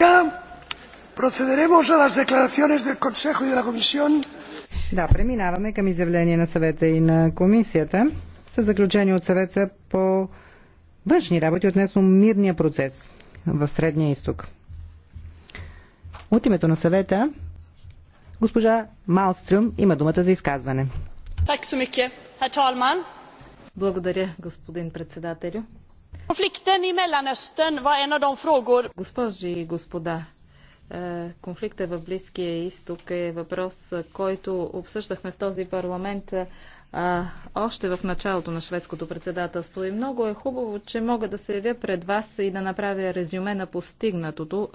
Да, преминаваме към изявление на съвета и на комисията с заключение от съвета по външни работи относно мирния процес в Средния изток. От името на съвета госпожа Малстрюм има думата за изказване. Благодаря, господин председателю. Госпожи и господа, е, конфликта в Близкия изток е въпрос, който обсъждахме в този парламент е, още в началото на шведското председателство. И много е хубаво, че мога да се явя пред вас и да направя резюме на постигнатото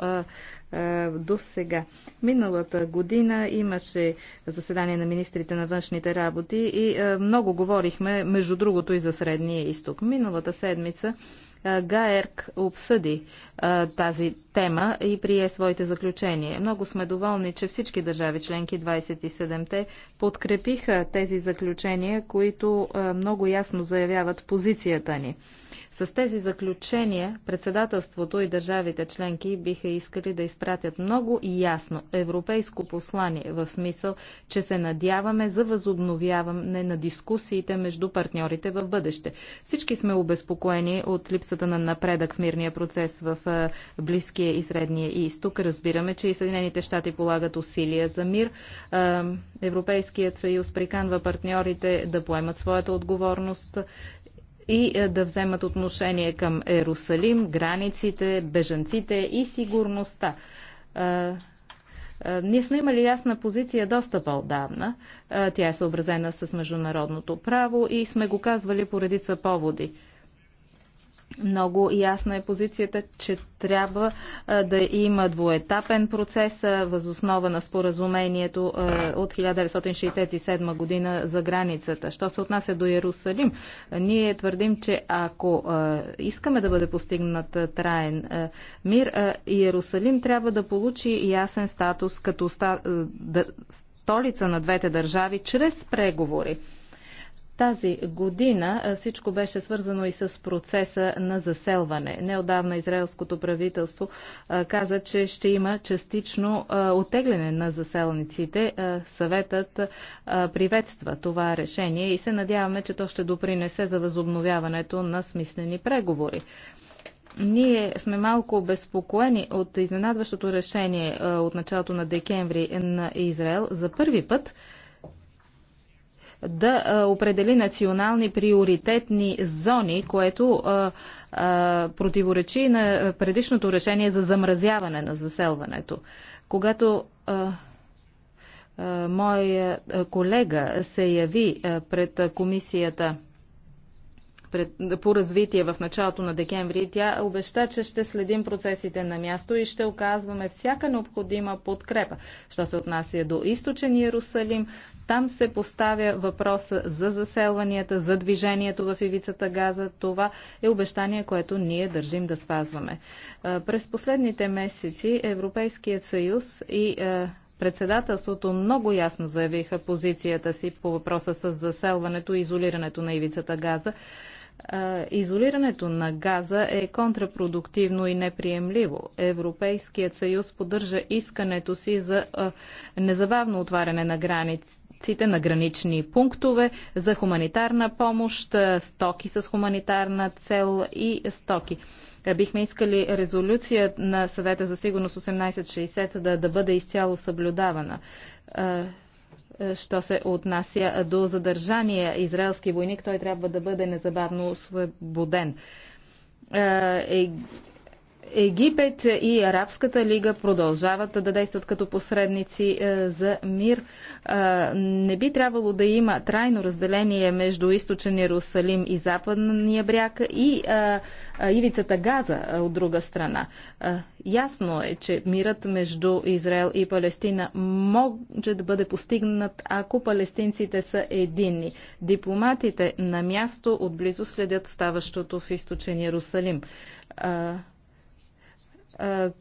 е, до сега. Миналата година имаше заседание на министрите на външните работи и много говорихме, между другото, и за Средния изток. Миналата седмица ГАЕРК обсъди тази тема и прие своите заключения. Много сме доволни, че всички държави членки 27-те подкрепиха тези заключения, които много ясно заявяват позицията ни. С тези заключения председателството и държавите членки биха искали да изпратят много и ясно европейско послание в смисъл, че се надяваме за възобновяване на дискусиите между партньорите в бъдеще. Всички сме обезпокоени от липсата на напредък в мирния процес в Близкия и Средния изток. Разбираме, че и Съединените щати полагат усилия за мир. Европейският съюз приканва партньорите да поемат своята отговорност и е, да вземат отношение към Ерусалим, границите, бежанците и сигурността. Е, е, ние сме имали ясна позиция доста по-давна. Тя е съобразена с международното право и сме го казвали по редица поводи. Много ясна е позицията, че трябва да има двуетапен процес възоснова на споразумението от 1967 година за границата. Що се отнася до Иерусалим, ние твърдим, че ако искаме да бъде постигнат траен мир, Иерусалим трябва да получи ясен статус като столица на двете държави чрез преговори. Тази година всичко беше свързано и с процеса на заселване. Неодавна израелското правителство каза, че ще има частично отегляне на заселниците. Съветът приветства това решение и се надяваме, че то ще допринесе за възобновяването на смислени преговори. Ние сме малко обезпокоени от изненадващото решение от началото на декември на Израел за първи път да определи национални приоритетни зони, което противоречи на предишното решение за замразяване на заселването. Когато мой колега се яви пред комисията по развитие в началото на декември, тя обеща, че ще следим процесите на място и ще оказваме всяка необходима подкрепа. Що се отнася до източен Иерусалим, там се поставя въпроса за заселванията, за движението в ивицата газа. Това е обещание, което ние държим да спазваме. През последните месеци Европейският съюз и Председателството много ясно заявиха позицията си по въпроса с заселването и изолирането на ивицата газа. Изолирането на газа е контрапродуктивно и неприемливо. Европейският съюз поддържа искането си за незабавно отваряне на границите границите на гранични пунктове за хуманитарна помощ, стоки с хуманитарна цел и стоки. Е, бихме искали резолюция на съвета за сигурност 1860 да, да бъде изцяло съблюдавана е, що се отнася до задържания израелски войник, той трябва да бъде незабавно освободен. Е, Египет и Арабската лига продължават да действат като посредници е, за мир. Е, не би трябвало да има трайно разделение между източен Иерусалим и западния бряг и е, ивицата Газа от друга страна. Ясно е, че мирът между Израел и Палестина може да бъде постигнат, ако палестинците са единни. Дипломатите на място отблизо следят ставащото в източен Иерусалим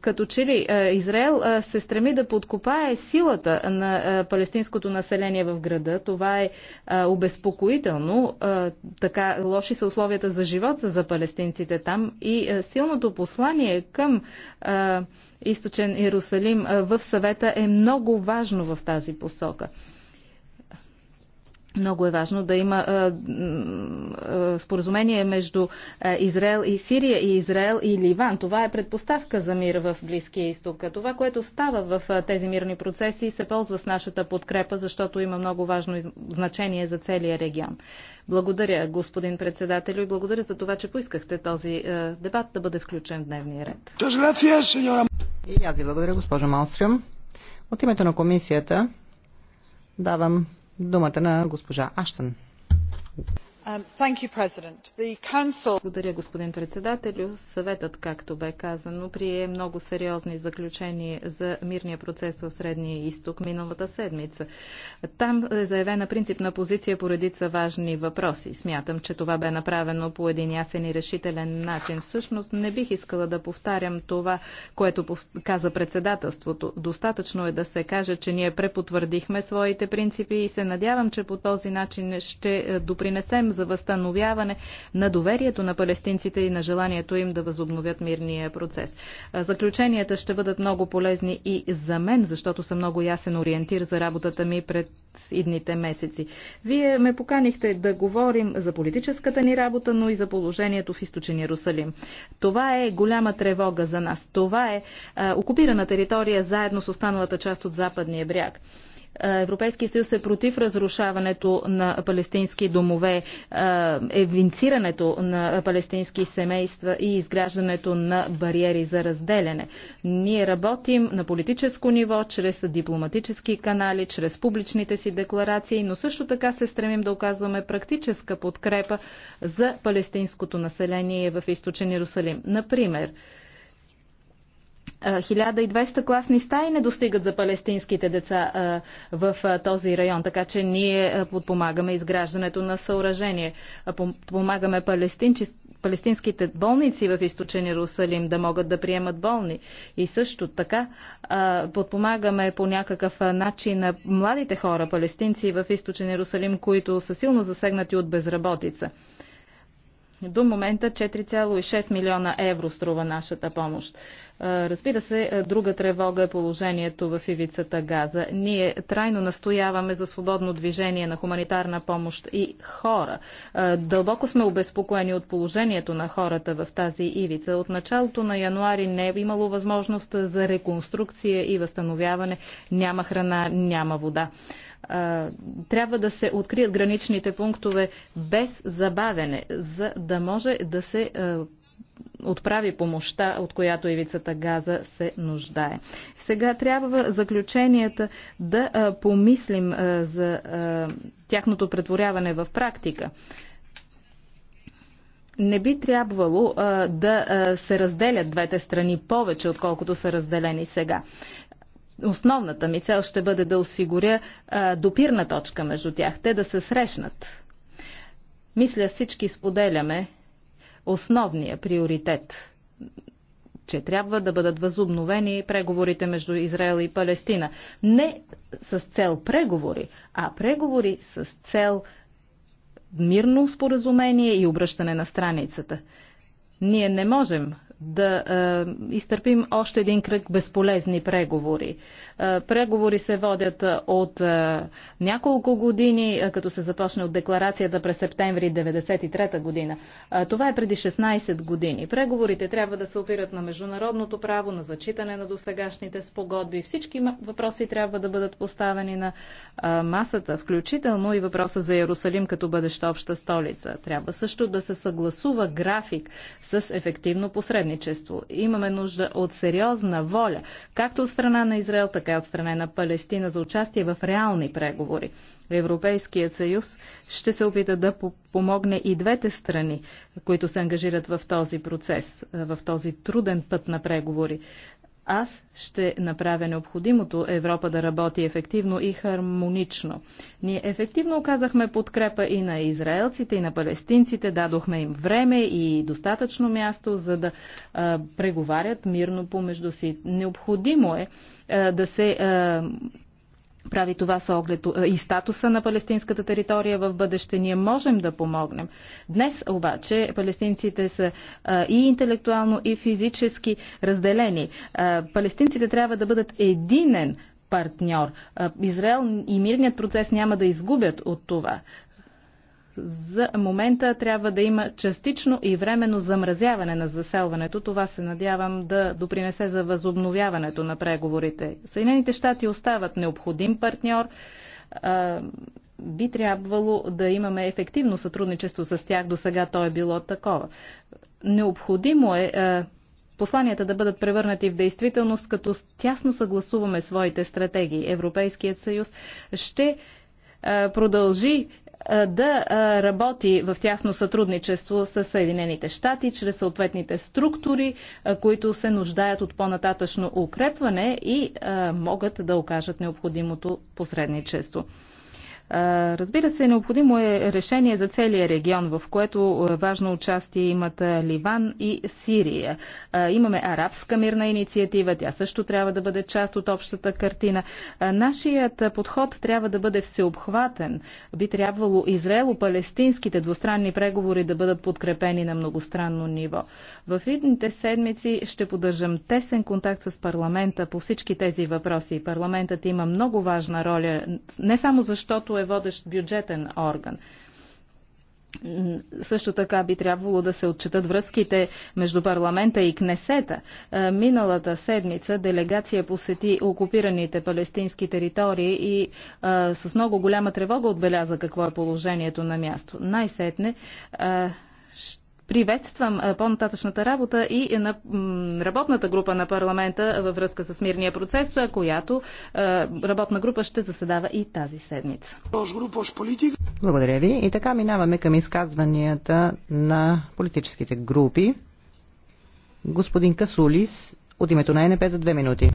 като че ли Израел се стреми да подкопае силата на палестинското население в града. Това е обезпокоително. Така лоши са условията за живот за палестинците там и силното послание към източен Иерусалим в съвета е много важно в тази посока. Много е важно да има а, а, споразумение между а, Израел и Сирия и Израел и Ливан. Това е предпоставка за мир в Близкия изток. Това, което става в а, тези мирни процеси, се ползва с нашата подкрепа, защото има много важно значение за целия регион. Благодаря, господин председател, и благодаря за това, че поискахте този а, дебат да бъде включен в дневния ред. И аз ви благодаря, госпожа Малстрюм. От името на комисията давам думата на госпожа Аштън. Um, Благодаря, господин председателю. Съветът, както бе казано, прие много сериозни заключения за мирния процес в Средния изток миналата седмица. Там е заявена принципна позиция по редица важни въпроси. Смятам, че това бе направено по един ясен и решителен начин. Всъщност не бих искала да повтарям това, което каза председателството. Достатъчно е да се каже, че ние препотвърдихме своите принципи и се надявам, че по този начин ще е, допринесем за възстановяване на доверието на палестинците и на желанието им да възобновят мирния процес. Заключенията ще бъдат много полезни и за мен, защото съм много ясен ориентир за работата ми пред идните месеци. Вие ме поканихте да говорим за политическата ни работа, но и за положението в източен Иерусалим. Това е голяма тревога за нас. Това е а, окупирана територия заедно с останалата част от западния бряг. Европейския съюз е против разрушаването на палестински домове, евинцирането на палестински семейства и изграждането на бариери за разделяне. Ние работим на политическо ниво, чрез дипломатически канали, чрез публичните си декларации, но също така се стремим да оказваме практическа подкрепа за палестинското население в източен Иерусалим. Например, 1200 класни стаи не достигат за палестинските деца в този район, така че ние подпомагаме изграждането на съоръжение. Подпомагаме палестинските болници в източен Иерусалим да могат да приемат болни. И също така подпомагаме по някакъв начин на младите хора, палестинци в източен Иерусалим, които са силно засегнати от безработица. До момента 4,6 милиона евро струва нашата помощ. Разбира се, друга тревога е положението в ивицата Газа. Ние трайно настояваме за свободно движение на хуманитарна помощ и хора. Дълбоко сме обезпокоени от положението на хората в тази ивица. От началото на януари не е имало възможност за реконструкция и възстановяване. Няма храна, няма вода трябва да се открият граничните пунктове без забавене, за да може да се отправи помощта, от която ивицата Газа се нуждае. Сега трябва заключенията да помислим за тяхното претворяване в практика не би трябвало а, да а, се разделят двете страни повече, отколкото са разделени сега. Основната ми цел ще бъде да осигуря а, допирна точка между тях, те да се срещнат. Мисля, всички споделяме основния приоритет че трябва да бъдат възобновени преговорите между Израел и Палестина. Не с цел преговори, а преговори с цел мирно споразумение и обръщане на страницата. Ние не можем да е, изтърпим още един кръг безполезни преговори. Е, преговори се водят е, от е, няколко години, като се започне от декларацията през септември 1993 година. Това е преди 16 години. Преговорите трябва да се опират на международното право, на зачитане на досегашните спогодби. Всички въпроси трябва да бъдат поставени на масата, включително и въпроса за Иерусалим като бъдеща обща столица. Трябва също да се съгласува график с ефективно посредничество. Имаме нужда от сериозна воля, както от страна на Израел, така така и от страна на Палестина за участие в реални преговори. Европейският съюз ще се опита да помогне и двете страни, които се ангажират в този процес, в този труден път на преговори. Аз ще направя необходимото Европа да работи ефективно и хармонично. Ние ефективно оказахме подкрепа и на израелците, и на палестинците, дадохме им време и достатъчно място, за да а, преговарят мирно помежду си. Необходимо е а, да се а, прави това с оглед е, и статуса на палестинската територия в бъдеще. Ние можем да помогнем. Днес обаче палестинците са е, и интелектуално, и физически разделени. Е, палестинците трябва да бъдат единен партньор. Израел и мирният процес няма да изгубят от това. За момента трябва да има частично и временно замразяване на заселването. Това се надявам да допринесе за възобновяването на преговорите. Съединените щати остават необходим партньор би трябвало да имаме ефективно сътрудничество с тях. До сега то е било такова. Необходимо е, посланията да бъдат превърнати в действителност, като тясно съгласуваме своите стратегии. Европейският съюз ще продължи да работи в тясно сътрудничество с Съединените щати, чрез съответните структури, които се нуждаят от по-нататъчно укрепване и могат да окажат необходимото посредничество. Разбира се, необходимо е решение за целия регион, в което е, важно участие имат е, Ливан и Сирия. Имаме арабска мирна инициатива, тя също трябва да бъде част от общата картина. Нашият е, подход трябва да бъде всеобхватен. Би трябвало израело-палестинските двустранни преговори да бъдат подкрепени на многостранно ниво. В идните седмици ще поддържам тесен контакт с парламента по всички тези въпроси. Парламентът има много важна роля, не само защото е водещ бюджетен орган. Също така би трябвало да се отчитат връзките между парламента и Кнесета. Е, миналата седмица делегация посети окупираните палестински територии и а, е, с много голяма тревога отбеляза какво е положението на място. Най-сетне е, ще Приветствам по-нататъчната работа и на работната група на парламента във връзка с мирния процес, която работна група ще заседава и тази седмица. Благодаря ви. И така минаваме към изказванията на политическите групи. Господин Касулис от името на НП за две минути.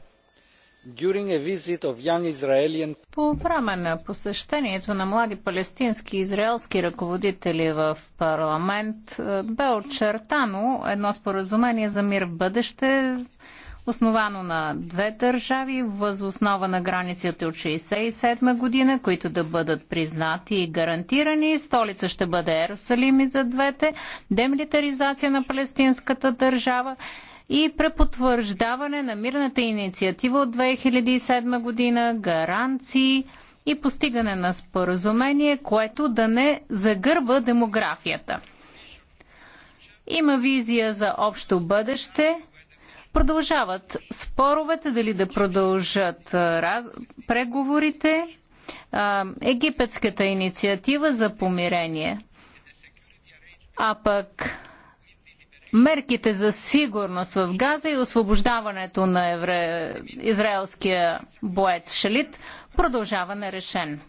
По време на посещението на млади палестински и израелски ръководители в парламент е, бе очертано едно споразумение за мир в бъдеще, основано на две държави, възоснова на границите от 1967 година, които да бъдат признати и гарантирани. Столица ще бъде Ерусалим и за двете, демилитаризация на палестинската държава и препотвърждаване на мирната инициатива от 2007 година, гаранции и постигане на споразумение, което да не загърба демографията. Има визия за общо бъдеще. Продължават споровете, дали да продължат раз... преговорите. Египетската инициатива за помирение. А пък мерките за сигурност в Газа и освобождаването на евре... израелския боец Шалит продължава нерешен.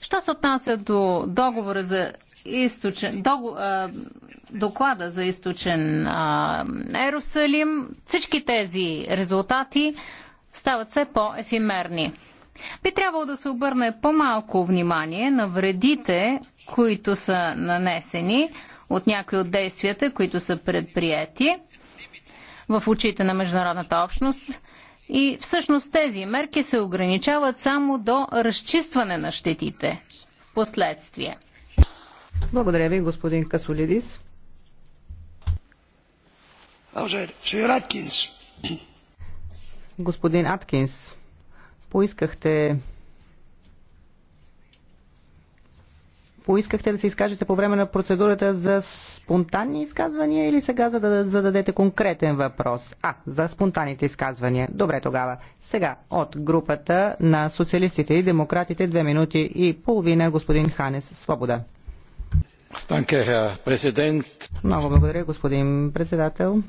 Що се отнася до договора за източен, догу, а, доклада за източен а, Ерусалим, всички тези резултати стават все по-ефимерни. Би трябвало да се обърне по-малко внимание на вредите, които са нанесени, от някои от действията, които са предприяти в очите на международната общност. И всъщност тези мерки се ограничават само до разчистване на щетите в последствие. Благодаря ви, господин Касолидис. Господин Аткинс, поискахте поискахте да се изкажете по време на процедурата за спонтанни изказвания или сега за да зададете конкретен въпрос? А, за спонтанните изказвания. Добре тогава. Сега от групата на социалистите и демократите две минути и половина господин Ханес Свобода. Много благодаря, господин председател.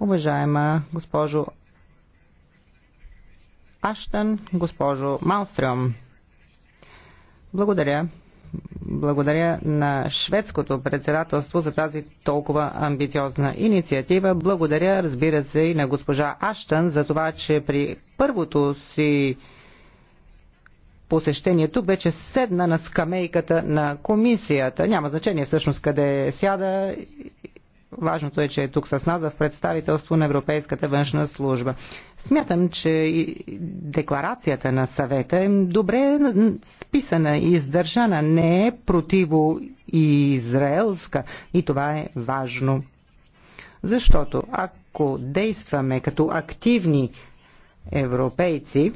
Уважаема госпожо Аштън, госпожо Малстрем, благодаря. Благодаря на шведското председателство за тази толкова амбициозна инициатива. Благодаря, разбира се, и на госпожа Аштън за това, че при първото си посещение тук вече седна на скамейката на комисията. Няма значение всъщност къде сяда Важното е, че е тук с нас в представителство на Европейската външна служба. Смятам, че декларацията на съвета е добре списана и издържана, не е противо и израелска и това е важно. Защото ако действаме като активни европейци,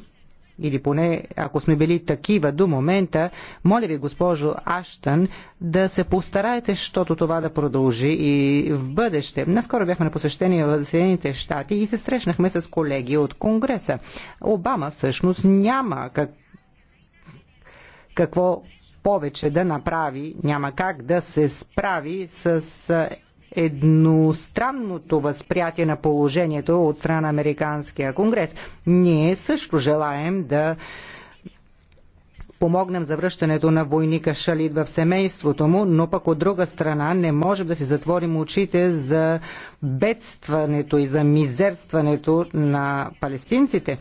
или поне ако сме били такива до момента, моля ви, госпожо Аштън, да се постараете, защото това да продължи и в бъдеще. Наскоро бяхме на посещение в Съединените щати и се срещнахме с колеги от Конгреса. Обама всъщност няма как... какво повече да направи, няма как да се справи с едностранното възприятие на положението от страна на Американския конгрес. Ние също желаем да помогнем за връщането на войника Шалид в семейството му, но пък от друга страна не можем да си затворим очите за бедстването и за мизерстването на палестинците.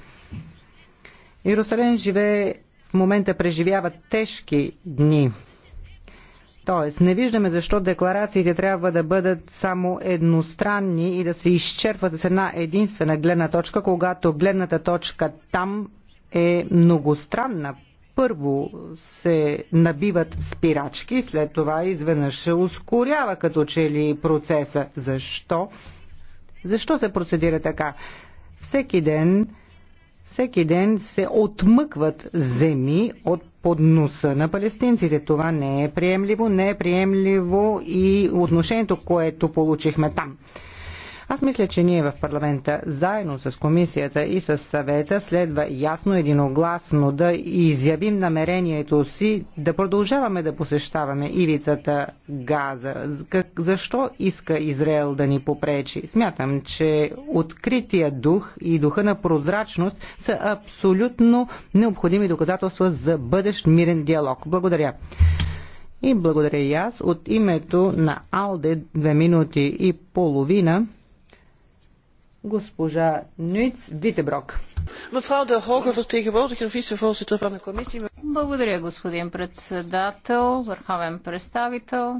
Иерусалим живее в момента преживява тежки дни. Тоест, не виждаме защо декларациите трябва да бъдат само едностранни и да се изчерпват с една единствена гледна точка, когато гледната точка там е многостранна. Първо се набиват спирачки, след това изведнъж се ускорява като че ли процеса. Защо? Защо се процедира така? Всеки ден всеки ден се отмъкват земи от под носа на палестинците. Това не е приемливо, не е приемливо и отношението, което получихме там. Аз мисля, че ние в парламента, заедно с комисията и с съвета, следва ясно, единогласно да изявим намерението си да продължаваме да посещаваме ивицата Газа. Защо иска Израел да ни попречи? Смятам, че открития дух и духа на прозрачност са абсолютно необходими доказателства за бъдещ мирен диалог. Благодаря. И благодаря и аз от името на Алде две минути и половина госпожа Нюиц Витеброк. Благодаря, господин председател, върховен представител.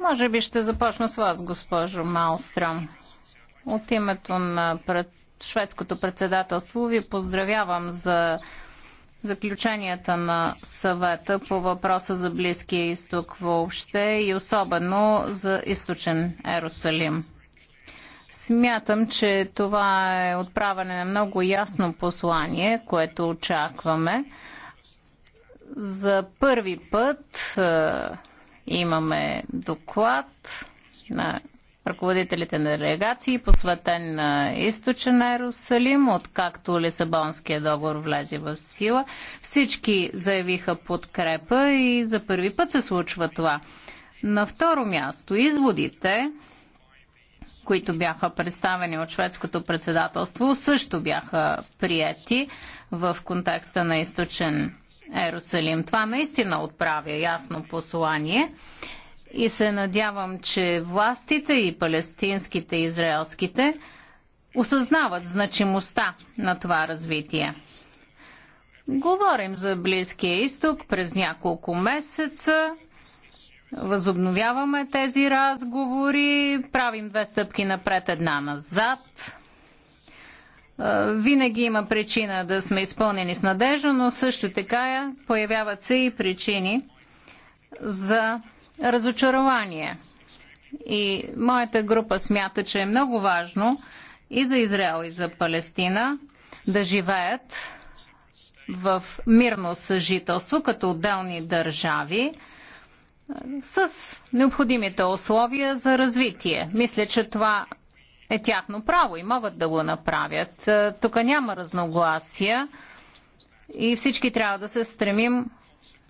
Може би ще започна с вас, госпожо Маустрам. От името на пред... шведското председателство ви поздравявам за заключенията на съвета по въпроса за Близкия изток въобще и особено за източен Ерусалим. Смятам, че това е отправяне на много ясно послание, което очакваме. За първи път е, имаме доклад на ръководителите на делегации, посветен на източен Ерусалим, откакто Лисабонския договор влезе в сила. Всички заявиха подкрепа и за първи път се случва това. На второ място, изводите, които бяха представени от шведското председателство, също бяха прияти в контекста на източен Ерусалим. Това наистина отправя ясно послание и се надявам, че властите и палестинските и израелските осъзнават значимостта на това развитие. Говорим за Близкия изток през няколко месеца. Възобновяваме тези разговори, правим две стъпки напред, една назад. Винаги има причина да сме изпълнени с надежда, но също така появяват се и причини за разочарование. И моята група смята, че е много важно и за Израел, и за Палестина да живеят в мирно съжителство като отделни държави с необходимите условия за развитие. Мисля, че това е тяхно право и могат да го направят. Тук няма разногласия и всички трябва да се стремим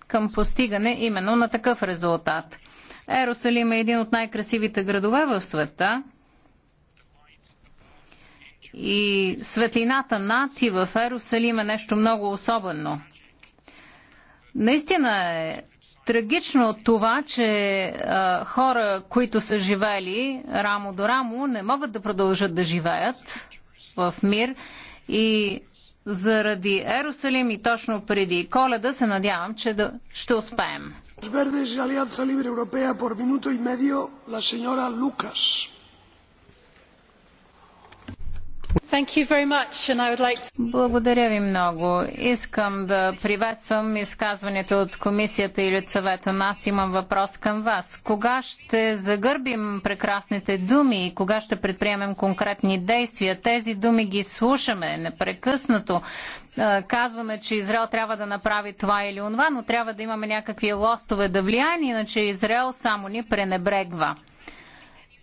към постигане именно на такъв резултат. Ерусалим е един от най-красивите градове в света. И светлината над и в Ерусалим е нещо много особено. Наистина е трагично това, че а, хора, които са живели рамо до рамо, не могат да продължат да живеят в мир и заради Ерусалим и точно преди коледа се надявам, че да, ще успеем. Благодаря ви много. Искам да приветствам изказването от комисията или от съвета. Аз имам въпрос към вас. Кога ще загърбим прекрасните думи и кога ще предприемем конкретни действия? Тези думи ги слушаме непрекъснато. Е, казваме, че Израел трябва да направи това или онова, но трябва да имаме някакви лостове да влияни, иначе Израел само ни пренебрегва.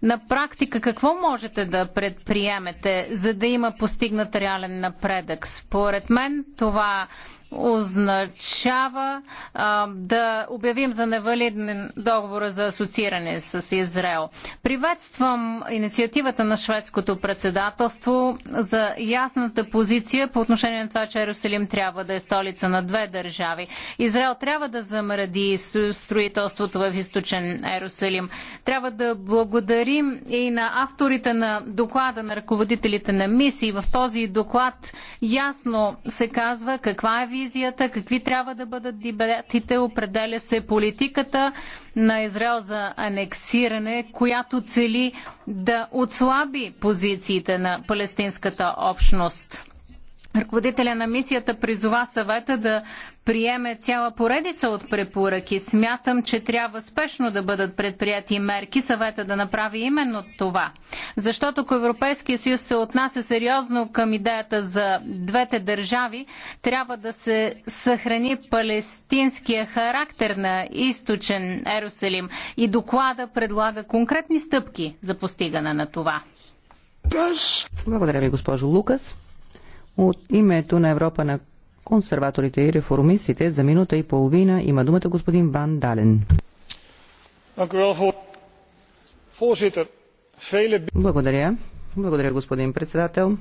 На практика какво можете да предприемете, за да има постигнат реален напредък? Според мен това означава а, да обявим за невалиден договора за асоцииране с Израел. Приветствам инициативата на шведското председателство за ясната позиция по отношение на това, че Иерусалим трябва да е столица на две държави. Израел трябва да замради строителството в източен Иерусалим. Трябва да благодарим и на авторите на доклада на ръководителите на мисии. В този доклад ясно се казва каква е визията, какви трябва да бъдат дебатите, определя се политиката на Израел за анексиране, която цели да отслаби позициите на палестинската общност. Ръководителя на мисията призова съвета да приеме цяла поредица от препоръки. Смятам, че трябва спешно да бъдат предприяти мерки съвета да направи именно това. Защото ако Европейския съюз се отнася сериозно към идеята за двете държави, трябва да се съхрани палестинския характер на източен Ерусалим и доклада предлага конкретни стъпки за постигане на това. Благодаря ви, госпожо Лукас. От името на Европа на консерваторите и реформистите за минута и половина има думата господин Ван Дален. Благодаря. Благодаря, господин председател.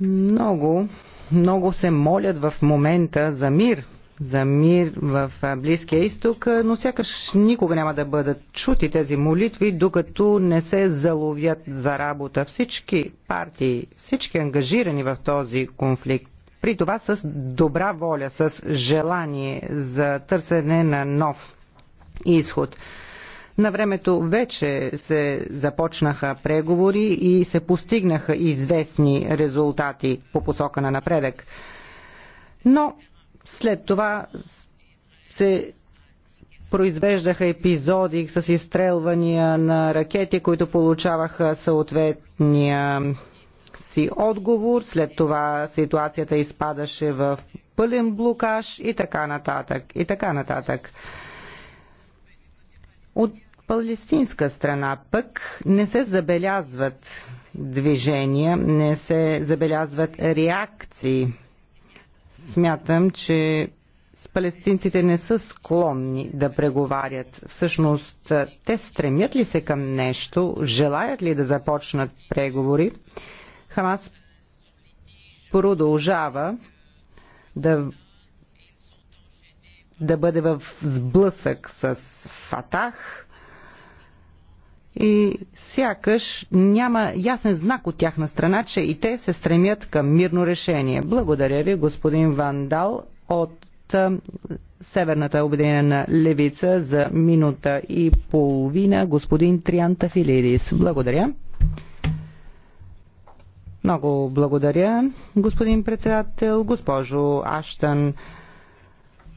Много, много се молят в момента за мир за мир в Близкия изток, но сякаш никога няма да бъдат чути тези молитви, докато не се заловят за работа всички партии, всички ангажирани в този конфликт. При това с добра воля, с желание за търсене на нов изход. На времето вече се започнаха преговори и се постигнаха известни резултати по посока на напредък. Но след това се произвеждаха епизоди с изстрелвания на ракети, които получаваха съответния си отговор. След това ситуацията изпадаше в пълен блокаж и така нататък. И така нататък. От палестинска страна пък не се забелязват движения, не се забелязват реакции смятам, че с палестинците не са склонни да преговарят. Всъщност, те стремят ли се към нещо? Желаят ли да започнат преговори? Хамас продължава да, да бъде в сблъсък с Фатах, и сякаш няма ясен знак от тяхна страна, че и те се стремят към мирно решение. Благодаря ви, господин Вандал от Северната обединена левица за минута и половина, господин Трианта Филидис. Благодаря. Много благодаря, господин председател, госпожо Аштан.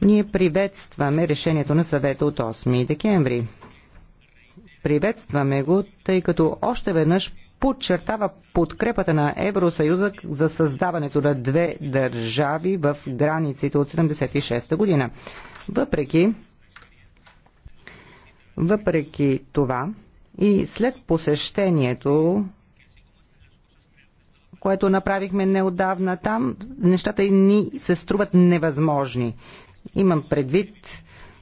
Ние приветстваме решението на съвета от 8 декември. Приветстваме го, тъй като още веднъж подчертава подкрепата на Евросъюза за създаването на две държави в границите от 76-та година. Въпреки, въпреки това и след посещението което направихме неодавна там, нещата ни се струват невъзможни. Имам предвид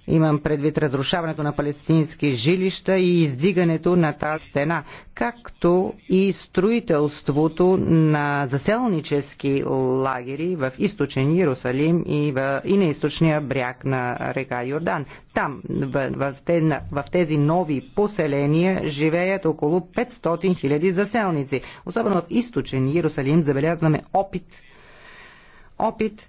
Имам предвид разрушаването на палестински жилища и издигането на тази стена, както и строителството на заселнически лагери в източен Иерусалим и, в, и на източния бряг на река Йордан. Там, в, в, те, в тези нови поселения, живеят около 500 000 заселници. Особено в източен Иерусалим забелязваме опит, опит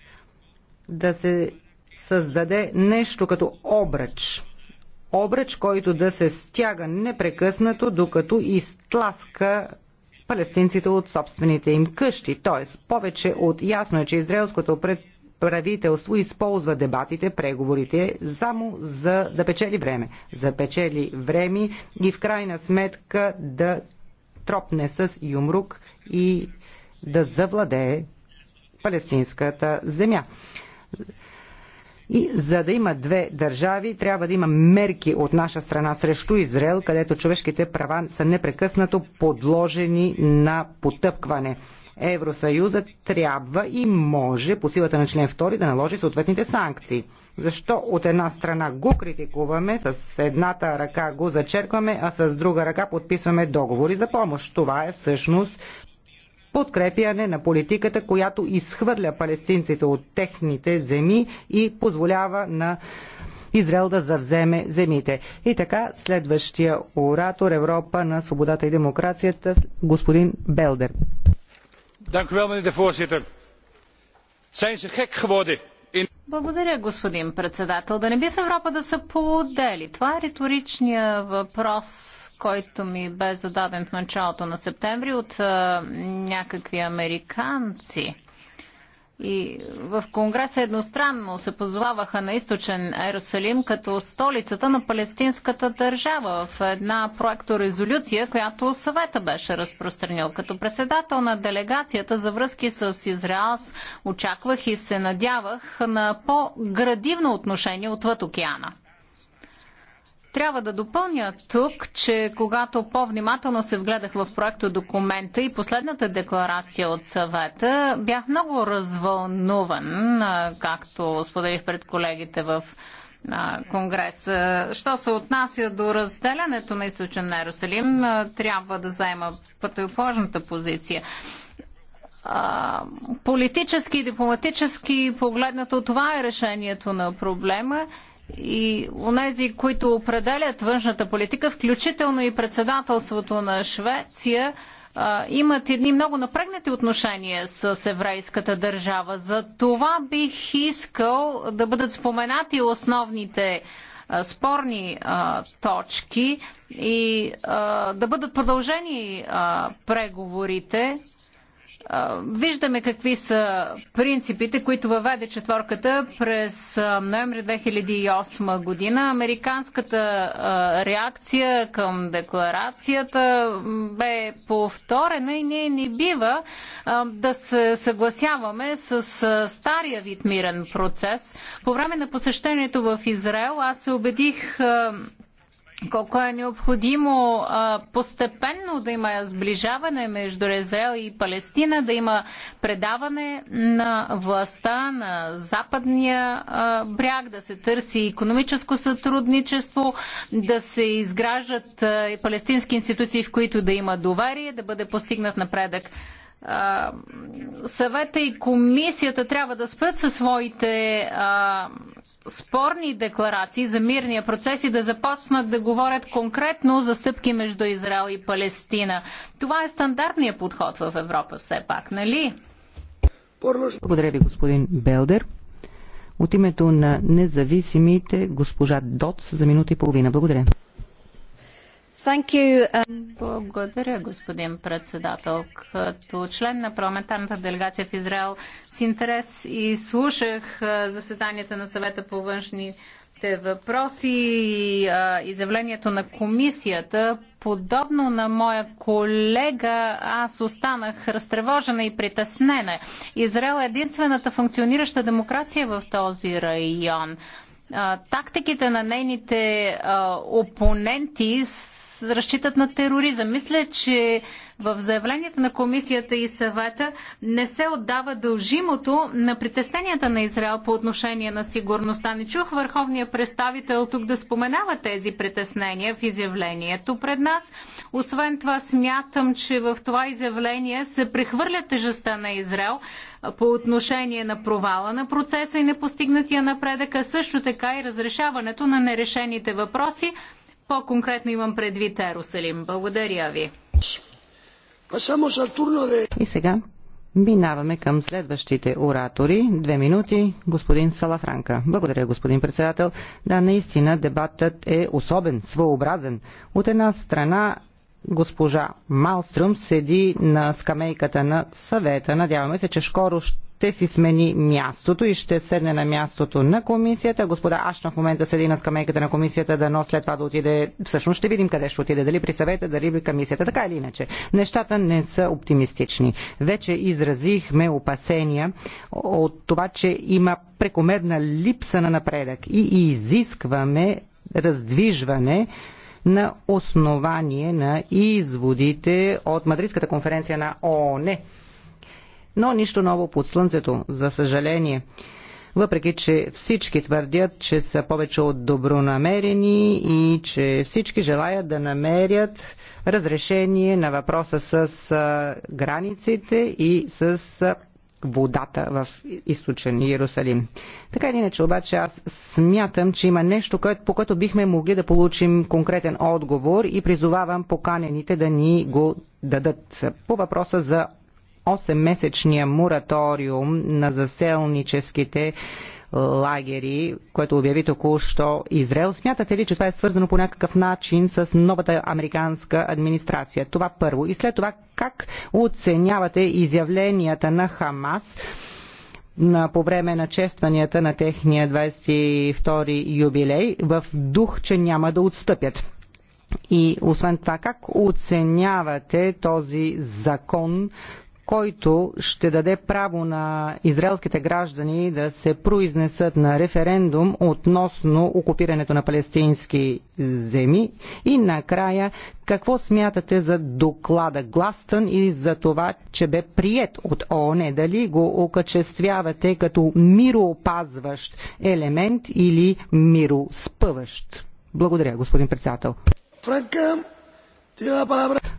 да се създаде нещо като обръч. Обръч, който да се стяга непрекъснато, докато изтласка палестинците от собствените им къщи. Тоест, повече от ясно е, че израелското пред правителство използва дебатите, преговорите, само за да печели време. За печели време и в крайна сметка да тропне с юмрук и да завладее палестинската земя. И за да има две държави, трябва да има мерки от наша страна срещу Израел, където човешките права са непрекъснато подложени на потъпкване. Евросъюзът трябва и може по силата на член 2 да наложи съответните санкции. Защо от една страна го критикуваме, с едната ръка го зачеркваме, а с друга ръка подписваме договори за помощ? Това е всъщност подкрепяне на политиката, която изхвърля палестинците от техните земи и позволява на Израел да завземе земите. И така, следващия оратор Европа на свободата и демокрацията, господин Белдер. Dank u wel, meneer de voorzitter. Zijn ze gek geworden? Благодаря, господин председател. Да не би в Европа да са полудели. Това е риторичния въпрос, който ми бе зададен в началото на септември от а, някакви американци. И в Конгреса едностранно се позоваваха на източен Ерусалим като столицата на палестинската държава в една проекторезолюция, която съвета беше разпространил. Като председател на делегацията за връзки с Израел очаквах и се надявах на по-градивно отношение отвъд океана. Трябва да допълня тук, че когато по-внимателно се вгледах в проекта документа и последната декларация от съвета, бях много развълнуван, както споделих пред колегите в на Конгрес. Що се отнася до разделянето на източен на Иерусалим, трябва да заема противоположната позиция. Политически и дипломатически погледнато това е решението на проблема и онези, които определят външната политика, включително и председателството на Швеция, имат едни много напрегнати отношения с еврейската държава. За това бих искал да бъдат споменати основните спорни а, точки и а, да бъдат продължени а, преговорите Виждаме какви са принципите, които въведе четворката през ноември 2008 година. Американската реакция към декларацията бе повторена и ние не бива да се съгласяваме с стария вид мирен процес. По време на посещението в Израел аз се убедих колко е необходимо а, постепенно да има сближаване между Израел и Палестина, да има предаване на властта на западния а, бряг, да се търси економическо сътрудничество, да се изграждат а, палестински институции, в които да има доверие, да бъде постигнат напредък съвета и комисията трябва да спят със своите а, спорни декларации за мирния процес и да започнат да говорят конкретно за стъпки между Израел и Палестина. Това е стандартният подход в Европа все пак, нали? Благодаря ви, господин Белдер. От името на независимите госпожа Доц за минута и половина. Благодаря. Uh, Благодаря, господин председател. Като член на парламентарната делегация в Израел с интерес и слушах заседанията на съвета по външните въпроси и изявлението на комисията. Подобно на моя колега, аз останах разтревожена и притеснена. Израел е единствената функционираща демокрация в този район. Тактиките на нейните опоненти са разчитат на тероризъм. Мисля, че в заявленията на комисията и съвета не се отдава дължимото на притесненията на Израел по отношение на сигурността. Не чух върховния представител тук да споменава тези притеснения в изявлението пред нас. Освен това смятам, че в това изявление се прехвърля тежестта на Израел по отношение на провала на процеса и непостигнатия напредък, а също така и разрешаването на нерешените въпроси, по-конкретно имам предвид Ерусалим. Благодаря ви. И сега минаваме към следващите оратори. Две минути, господин Салафранка. Благодаря, господин председател. Да, наистина дебатът е особен, своеобразен. От една страна госпожа Малстрюм седи на скамейката на съвета. Надяваме се, че скоро ще ще си смени мястото и ще седне на мястото на комисията. Господа Ашна в момента седи на скамейката на комисията, да но след това да отиде. Всъщност ще видим къде ще отиде. Дали при съвета, дали при комисията. Така или иначе. Нещата не са оптимистични. Вече изразихме опасения от това, че има прекомерна липса на напредък и изискваме раздвижване на основание на изводите от Мадридската конференция на ООН. Но нищо ново под слънцето, за съжаление въпреки че всички твърдят, че са повече от добронамерени и че всички желаят да намерят разрешение на въпроса с границите и с водата в източен Иерусалим. Така или иначе, обаче аз смятам, че има нещо, по което бихме могли да получим конкретен отговор и призовавам поканените да ни го дадат. По въпроса за 8-месечния мораториум на заселническите лагери, което обяви току-що Израел. Смятате ли, че това е свързано по някакъв начин с новата американска администрация? Това първо. И след това, как оценявате изявленията на Хамас на, по време на честванията на техния 22 юбилей в дух, че няма да отстъпят? И освен това, как оценявате този закон, който ще даде право на израелските граждани да се произнесат на референдум относно окупирането на палестински земи. И накрая, какво смятате за доклада Гластън и за това, че бе прият от ООН? Дали го окачествявате като мироопазващ елемент или мироспъващ? Благодаря, господин председател. Франка,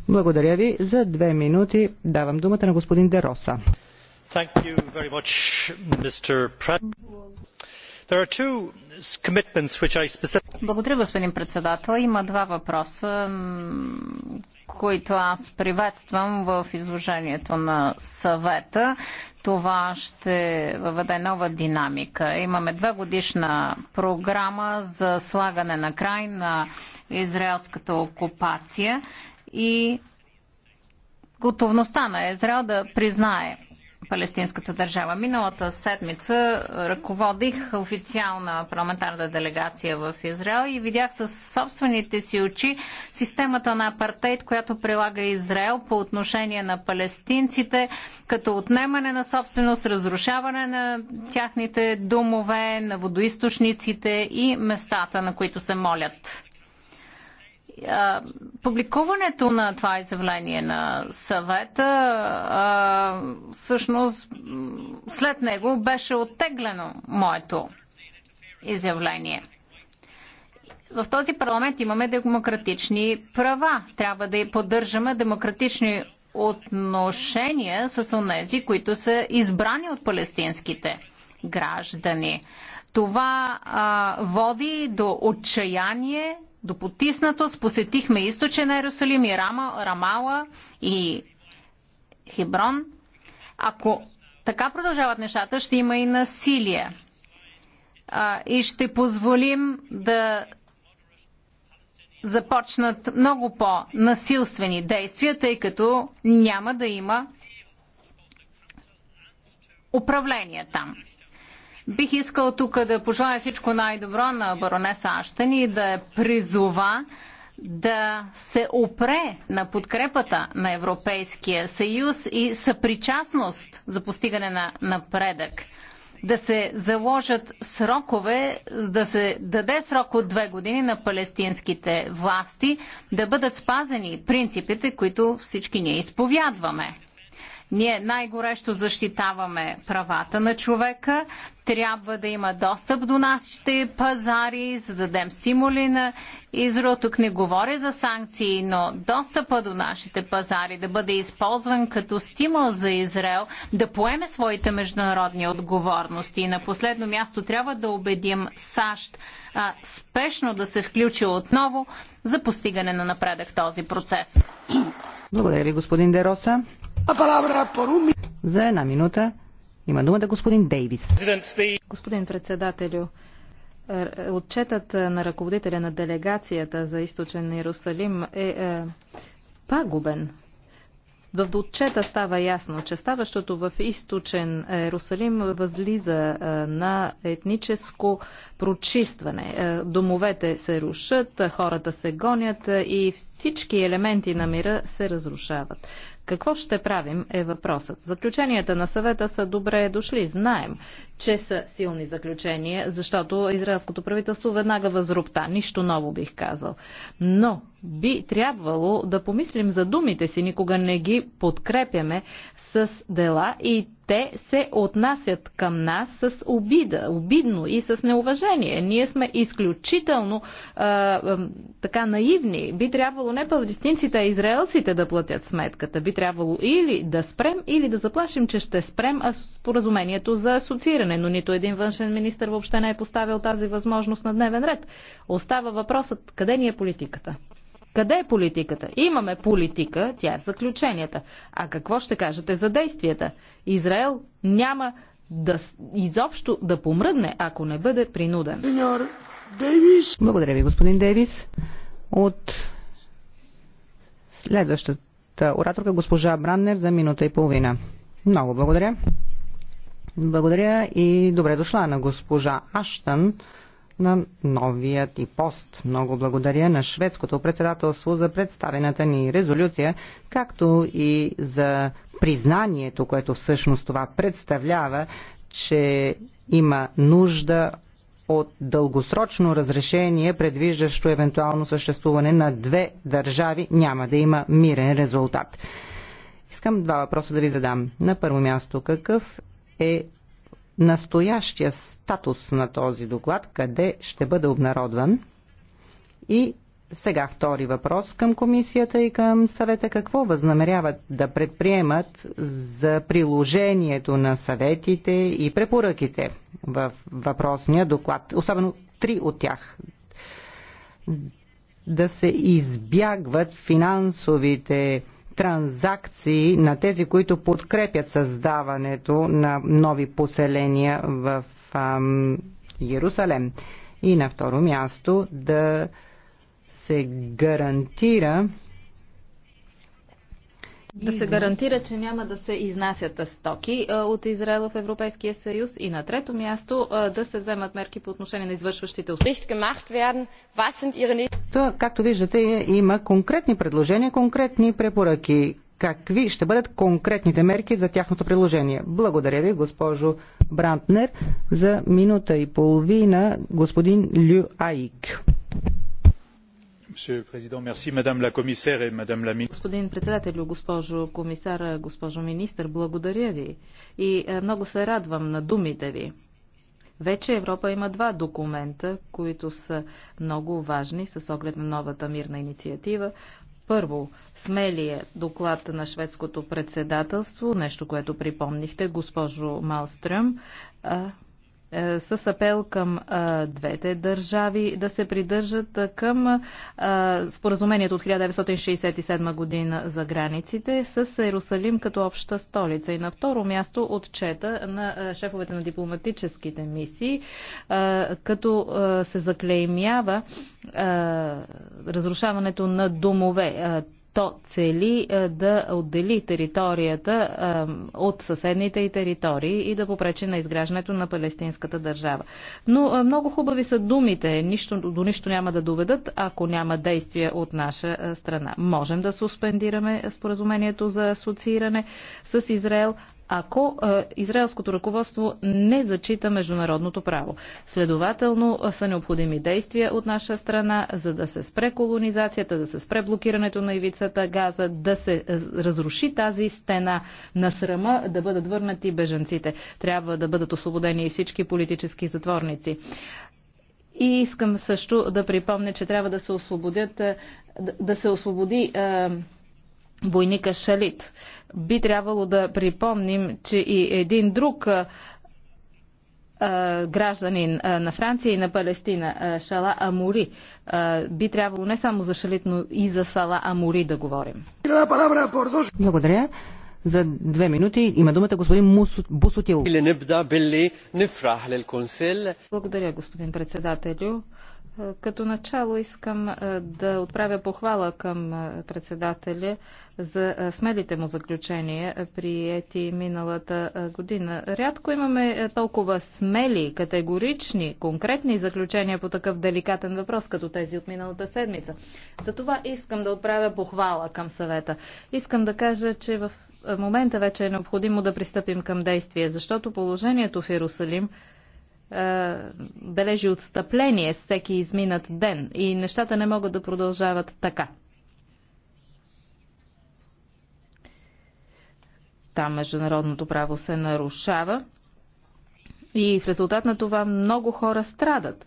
благодаря ви. За две минути давам думата на господин Дероса. Thank you very much, Mr. President. Благодаря, господин председател. Има два въпроса, които аз приветствам в изложението на съвета. Това ще въведе нова динамика. Имаме две годишна програма за слагане на край на израелската окупация и готовността на Израел да признае палестинската държава. Миналата седмица е, ръководих официална парламентарна делегация в Израел и видях със собствените си очи системата на апартейт, която прилага Израел по отношение на палестинците, като отнемане на собственост, разрушаване на тяхните домове, на водоисточниците и местата, на които се молят а, публикуването на това изявление на съвета, а, всъщност след него беше оттеглено моето изявление. В този парламент имаме демократични права. Трябва да поддържаме демократични отношения с онези, които са избрани от палестинските граждани. Това а, води до отчаяние до потиснатост. Посетихме източен Ерусалим и Рама, Рамала и Хеброн. Ако така продължават нещата, ще има и насилие. А, и ще позволим да започнат много по-насилствени действия, тъй като няма да има управление там. Бих искал тук да пожелая всичко най-добро на баронеса Аштън и да призова да се опре на подкрепата на Европейския съюз и съпричастност за постигане на напредък. Да се заложат срокове, да се даде срок от две години на палестинските власти, да бъдат спазени принципите, които всички ние изповядваме. Ние най-горещо защитаваме правата на човека. Трябва да има достъп до нашите пазари, за да дадем стимули на Израел. Тук не говоря за санкции, но достъпа до нашите пазари да бъде използван като стимул за Израел да поеме своите международни отговорности. И на последно място трябва да убедим САЩ а, спешно да се включи отново за постигане на напредък този процес. Благодаря ви, господин Дероса. За една минута има думата господин Дейвис. Господин председателю, е, отчетът е, на ръководителя на делегацията за източен Иерусалим е, е пагубен. В отчета става ясно, че ставащото в източен Иерусалим възлиза е, на етническо прочистване. Домовете се рушат, хората се гонят и всички елементи на мира се разрушават. Какво ще правим е въпросът. Заключенията на съвета са добре дошли. Знаем, че са силни заключения, защото израелското правителство веднага възрупта. Нищо ново бих казал. Но би трябвало да помислим за думите си, никога не ги подкрепяме с дела и те се отнасят към нас с обида, обидно и с неуважение. Ние сме изключително а, а, така наивни. Би трябвало не палестинците, а израелците да платят сметката. Би трябвало или да спрем, или да заплашим, че ще спрем споразумението за асоцииране разбиране, но нито един външен министр въобще не е поставил тази възможност на дневен ред. Остава въпросът къде ни е политиката. Къде е политиката? Имаме политика, тя е в заключенията. А какво ще кажете за действията? Израел няма да изобщо да помръдне, ако не бъде принуден. Благодаря ви, господин Дейвис. От следващата ораторка госпожа Браннер за минута и половина. Много благодаря. Благодаря и добре дошла на госпожа Аштън на новият и пост. Много благодаря на шведското председателство за представената ни резолюция, както и за признанието, което всъщност това представлява, че има нужда от дългосрочно разрешение, предвиждащо евентуално съществуване на две държави, няма да има мирен резултат. Искам два въпроса да ви задам. На първо място, какъв е настоящия статус на този доклад, къде ще бъде обнародван. И сега втори въпрос към комисията и към съвета. Какво възнамеряват да предприемат за приложението на съветите и препоръките в въпросния доклад? Особено три от тях. Да се избягват финансовите транзакции на тези, които подкрепят създаването на нови поселения в ам, Иерусалем. И на второ място да се гарантира да се гарантира, че няма да се изнасят стоки от Израел в Европейския съюз и на трето място да се вземат мерки по отношение на извършващите услуги. То, както виждате, има конкретни предложения, конкретни препоръки. Какви ще бъдат конкретните мерки за тяхното приложение? Благодаря ви, госпожо Брантнер. За минута и половина господин Лю Аик. Господин председател, госпожо комисар, госпожо министр, благодаря ви и е, много се радвам на думите ви. Вече Европа има два документа, които са много важни с оглед на новата мирна инициатива. Първо, смелие доклад на шведското председателство, нещо, което припомнихте, госпожо Малстрюм, е, с апел към а, е, двете държави да се придържат към а, е, споразумението от 1967 година за границите с Иерусалим като обща столица. И на второ място отчета на а, шефовете на дипломатическите мисии, а, като а, се заклеймява а, разрушаването на домове. А, то цели е, да отдели територията е, от съседните и територии и да попречи на изграждането на палестинската държава. Но е, много хубави са думите. Нищо, до нищо няма да доведат, ако няма действия от наша страна. Можем да суспендираме споразумението за асоцииране с Израел, ако е, израелското ръководство не зачита международното право. Следователно е, са необходими действия от наша страна, за да се спре колонизацията, да се спре блокирането на ивицата Газа, да се е, разруши тази стена на срама, да бъдат върнати бежанците. Трябва да бъдат освободени и всички политически затворници. И искам също да припомня, че трябва да се освободят, да се освободи войника Шалит. Би трябвало да припомним, че и един друг гражданин на Франция и на Палестина, Шала Амури. Би трябвало не само за Шалит, но и за Сала Амури да говорим. Благодаря. За две минути има думата господин Бусотил. Благодаря, господин председателю. Като начало искам да отправя похвала към председателя за смелите му заключения, приети миналата година. Рядко имаме толкова смели, категорични, конкретни заключения по такъв деликатен въпрос, като тези от миналата седмица. За това искам да отправя похвала към съвета. Искам да кажа, че в момента вече е необходимо да пристъпим към действие, защото положението в Иерусалим е, бележи отстъпление с всеки изминат ден и нещата не могат да продължават така. Там международното право се нарушава и в резултат на това много хора страдат.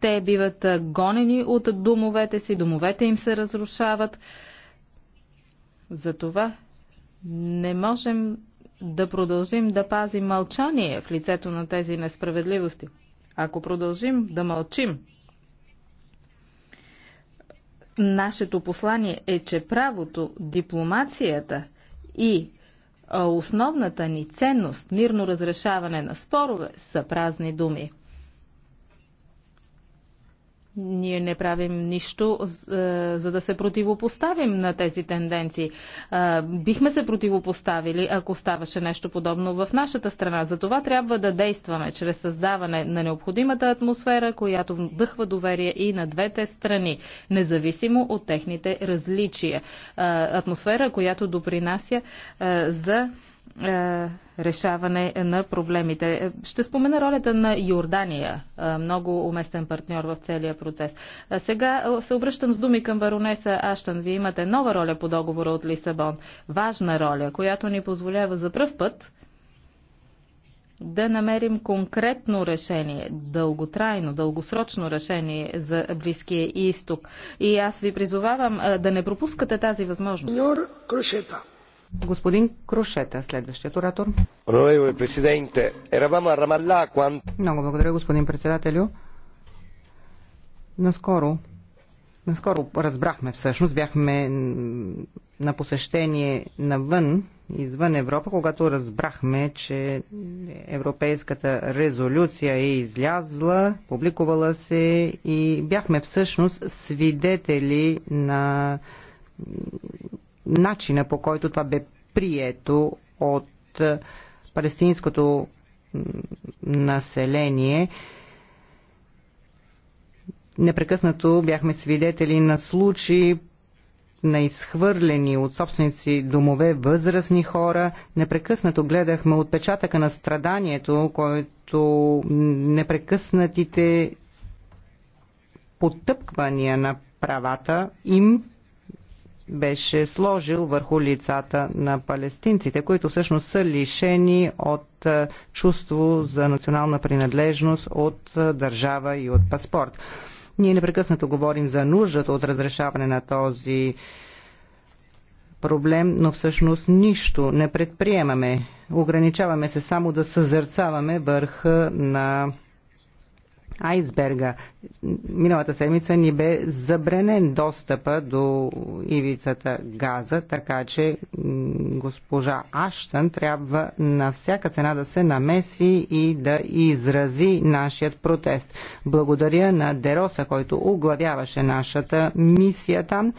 Те биват е, гонени от домовете си, домовете им се разрушават. Затова не можем да продължим да пазим мълчание в лицето на тези несправедливости. Ако продължим да мълчим, нашето послание е, че правото, дипломацията и основната ни ценност, мирно разрешаване на спорове, са празни думи. Ние не правим нищо, е, за да се противопоставим на тези тенденции. Е, бихме се противопоставили, ако ставаше нещо подобно в нашата страна. Затова трябва да действаме чрез създаване на необходимата атмосфера, която вдъхва доверие и на двете страни, независимо от техните различия. Е, атмосфера, която допринася за е, решаване на проблемите. Ще спомена ролята на Йордания, е, много уместен партньор в целия процес. Сега е, се обръщам с думи към баронеса Аштан. Вие имате нова роля по договора от Лисабон. Важна роля, която ни позволява за пръв път да намерим конкретно решение, дълготрайно, дългосрочно решение за Близкия изток. И аз ви призовавам да не пропускате тази възможност. Господин Крушета, следващият оратор. Много благодаря, господин председателю. Наскоро Наскоро разбрахме всъщност, бяхме на посещение навън, извън Европа, когато разбрахме, че Европейската резолюция е излязла, публикувала се и бяхме всъщност свидетели на начина по който това бе прието от е, палестинското население. Непрекъснато бяхме свидетели на случаи на изхвърлени от собственици домове възрастни хора. Непрекъснато гледахме отпечатъка на страданието, който непрекъснатите потъпквания на правата им беше сложил върху лицата на палестинците, които всъщност са лишени от е, чувство за национална принадлежност от е, държава и от паспорт. Ние непрекъснато говорим за нуждата от разрешаване на този проблем, но всъщност нищо не предприемаме. Ограничаваме се само да съзерцаваме върха на айсберга. Миналата седмица ни бе забранен достъпа до ивицата газа, така че госпожа Аштън трябва на всяка цена да се намеси и да изрази нашият протест. Благодаря на Дероса, който оглавяваше нашата мисия там.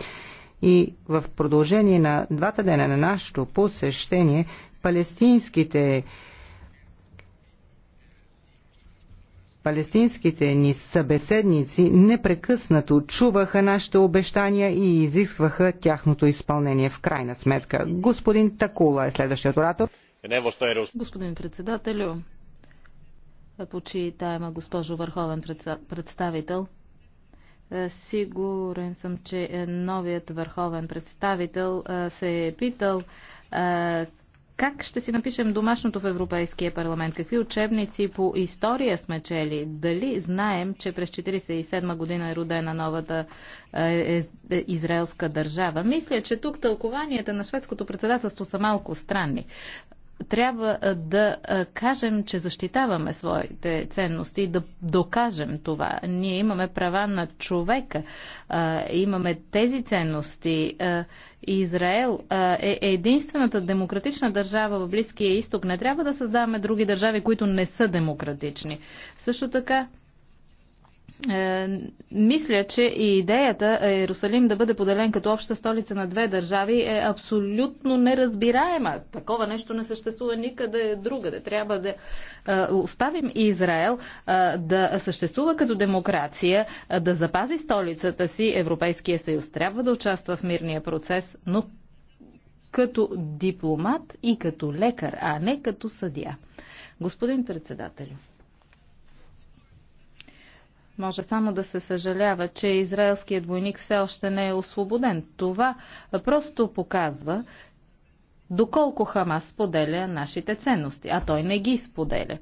И в продължение на двата дена на нашето посещение, палестинските палестинските ни събеседници непрекъснато чуваха нашите обещания и изискваха тяхното изпълнение в крайна сметка. Господин Такула е следващият оратор. Господин председателю, почитаема госпожо Върховен представител, е, Сигурен съм, че е, новият върховен представител е, се е питал как ще си напишем домашното в Европейския парламент? Какви учебници по история сме чели? Дали знаем, че през 1947 година е родена новата е, е, е, израелска държава? Мисля, че тук тълкованията на шведското председателство са малко странни трябва да кажем, че защитаваме своите ценности и да докажем това. Ние имаме права на човека, имаме тези ценности. Израел е единствената демократична държава в Близкия изток. Не трябва да създаваме други държави, които не са демократични. Също така, е, мисля, че и идеята Иерусалим да бъде поделен като обща столица на две държави е абсолютно неразбираема. Такова нещо не съществува никъде другаде. Трябва да е, оставим Израел е, да съществува като демокрация, да запази столицата си. Европейския съюз трябва да участва в мирния процес, но като дипломат и като лекар, а не като съдия. Господин председателю. Може само да се съжалява, че израелският войник все още не е освободен. Това просто показва, доколко Хамас споделя нашите ценности, а той не ги споделя.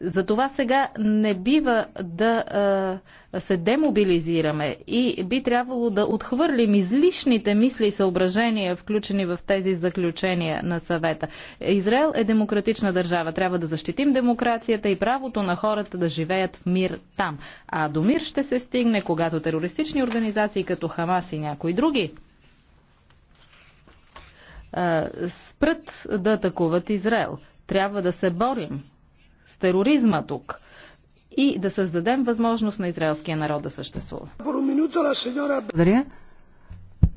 Затова сега не бива да се демобилизираме и би трябвало да отхвърлим излишните мисли и съображения, включени в тези заключения на съвета. Израел е демократична държава. Трябва да защитим демокрацията и правото на хората да живеят в мир там. А до мир ще се стигне, когато терористични организации като Хамас и някои други спрат да атакуват Израел. Трябва да се борим с тероризма тук и да създадем възможност на израелския народ да съществува. Благодаря.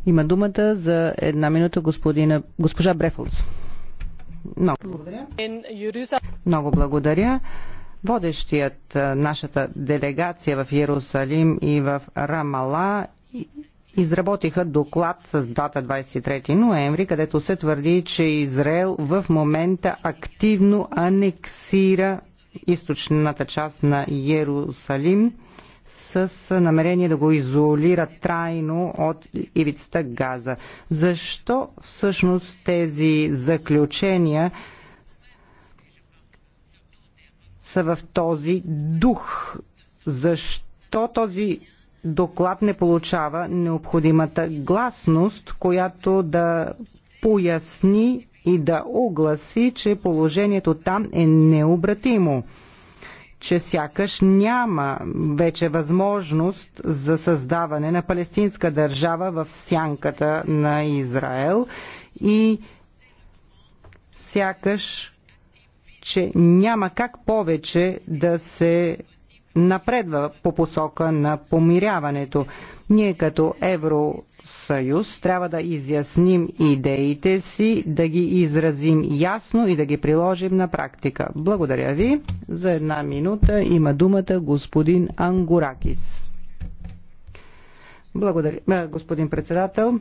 Има думата за една минута господина, госпожа Брефолц. Много благодаря. Много благодаря. Водещият нашата делегация в Иерусалим и в Рамала изработиха доклад с дата 23 ноември, където се твърди, че Израел в момента активно анексира източната част на Иерусалим с намерение да го изолира трайно от ивицата Газа. Защо всъщност тези заключения са в този дух? Защо този доклад не получава необходимата гласност, която да поясни и да огласи, че положението там е необратимо че сякаш няма вече възможност за създаване на палестинска държава в сянката на Израел и сякаш, че няма как повече да се напредва по посока на помиряването. Ние като Евросъюз трябва да изясним идеите си, да ги изразим ясно и да ги приложим на практика. Благодаря ви. За една минута има думата господин Ангуракис. Благодаря, господин председател.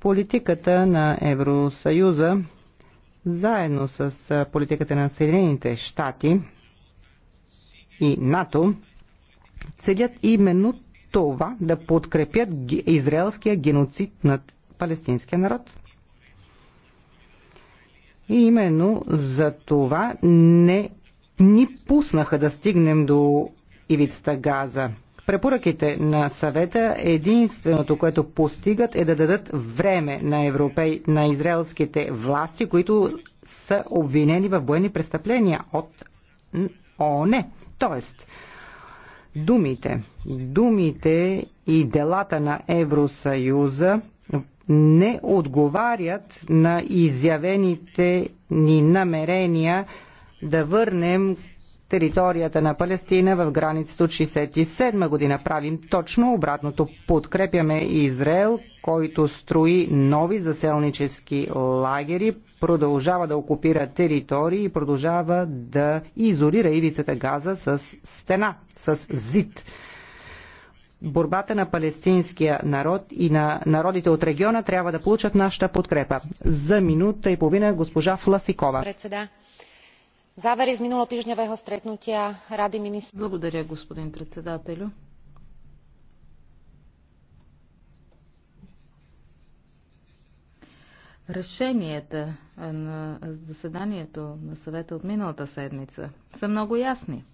Политиката на Евросъюза заедно с политиката на Съединените щати – и НАТО целят именно това да подкрепят израелския геноцид над палестинския народ. И именно за това не ни пуснаха да стигнем до ивицата Газа. Препоръките на съвета единственото, което постигат е да дадат време на, европей, на израелските власти, които са обвинени в военни престъпления от не, Тоест, думите, думите и делата на Евросъюза не отговарят на изявените ни намерения да върнем територията на Палестина в границата от 67 година. Правим точно обратното. Подкрепяме Израел, който строи нови заселнически лагери, продължава да окупира територии и продължава да изолира ивицата Газа с стена, с зид. Борбата на палестинския народ и на народите от региона трябва да получат нашата подкрепа. За минута и половина госпожа Фласикова. Председа. Závery z minulotýždňového stretnutia Rady ministrov. Благодаря, господин председателю. Решенията на заседанието на съвета от миналата седмица са много ясни.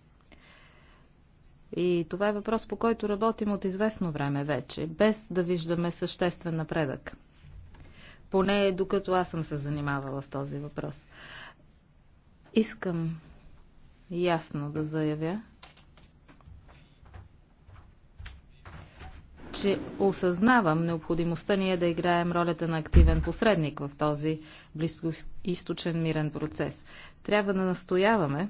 И това е въпрос, по който работим от известно време вече, без да виждаме съществен напредък. Поне докато аз съм се занимавала с този въпрос. Искам ясно да заявя, че осъзнавам необходимостта ние да играем ролята на активен посредник в този близкоисточен мирен процес. Трябва да настояваме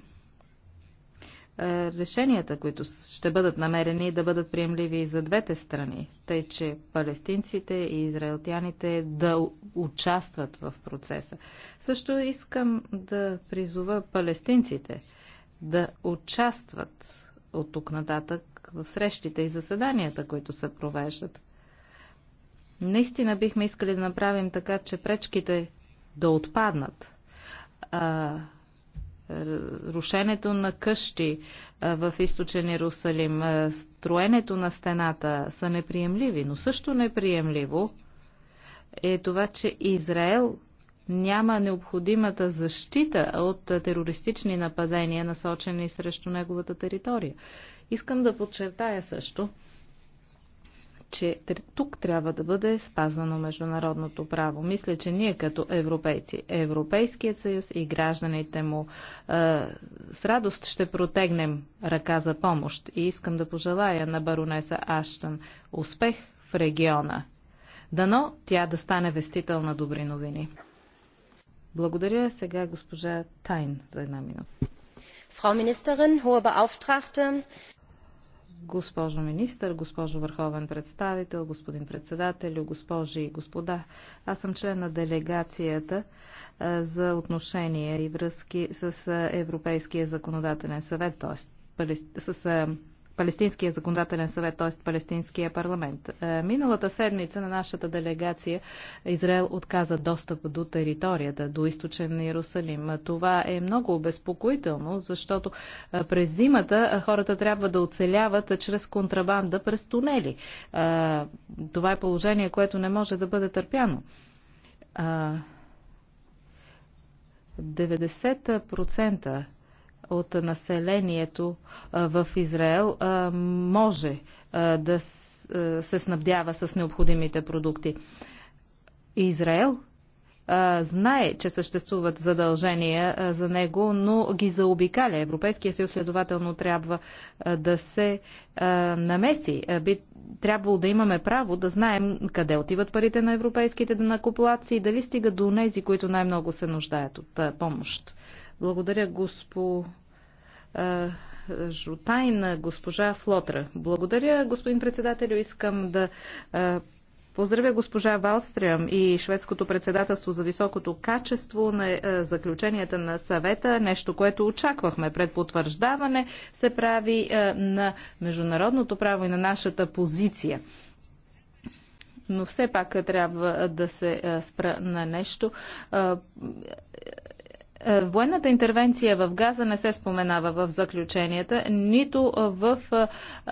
е, решенията, които ще бъдат намерени да бъдат приемливи и за двете страни, тъй че палестинците и израелтяните да участват в процеса. Също искам да призова палестинците да участват от тук нататък в срещите и заседанията, които се провеждат. Наистина бихме искали да направим така, че пречките да отпаднат. А, рушенето на къщи в източен Иерусалим, строенето на стената са неприемливи, но също неприемливо е това, че Израел няма необходимата защита от терористични нападения, насочени срещу неговата територия. Искам да подчертая също, че тук трябва да бъде спазвано международното право. Мисля, че ние като европейци, Европейският съюз и гражданите му с радост ще протегнем ръка за помощ. И искам да пожелая на баронеса Аштън успех в региона. Дано тя да стане вестител на добри новини. Благодаря сега госпожа Тайн за една минута. Frau Ministerin, hohe Beauftragte, Госпожо министър, госпожо върховен представител, господин председател, госпожи и господа, аз съм член на делегацията за отношения и връзки с Европейския законодателен съвет, т.е. с Палестинския законодателен съвет, т.е. Палестинския парламент. Е, миналата седмица на нашата делегация Израел отказа достъп до територията, до източен Иерусалим. Това е много обезпокоително, защото е, през зимата е, хората трябва да оцеляват чрез контрабанда през тунели. Това е положение, което не може да бъде търпяно. 90% от населението в Израел може да се снабдява с необходимите продукти. Израел знае, че съществуват задължения за него, но ги заобикаля. Европейския съюз следователно трябва да се намеси. Би трябвало да имаме право да знаем къде отиват парите на европейските данакоплаци и дали стига до нези, които най-много се нуждаят от помощ. Благодаря госпо на госпожа Флотра. Благодаря, господин председателю. Искам да Поздравя госпожа Валстрям и шведското председателство за високото качество на е, заключенията на съвета, нещо, което очаквахме пред потвърждаване, се прави е, на международното право и на нашата позиция. Но все пак трябва да се е, спра на нещо е, военната интервенция в Газа не се споменава в заключенията, нито в е,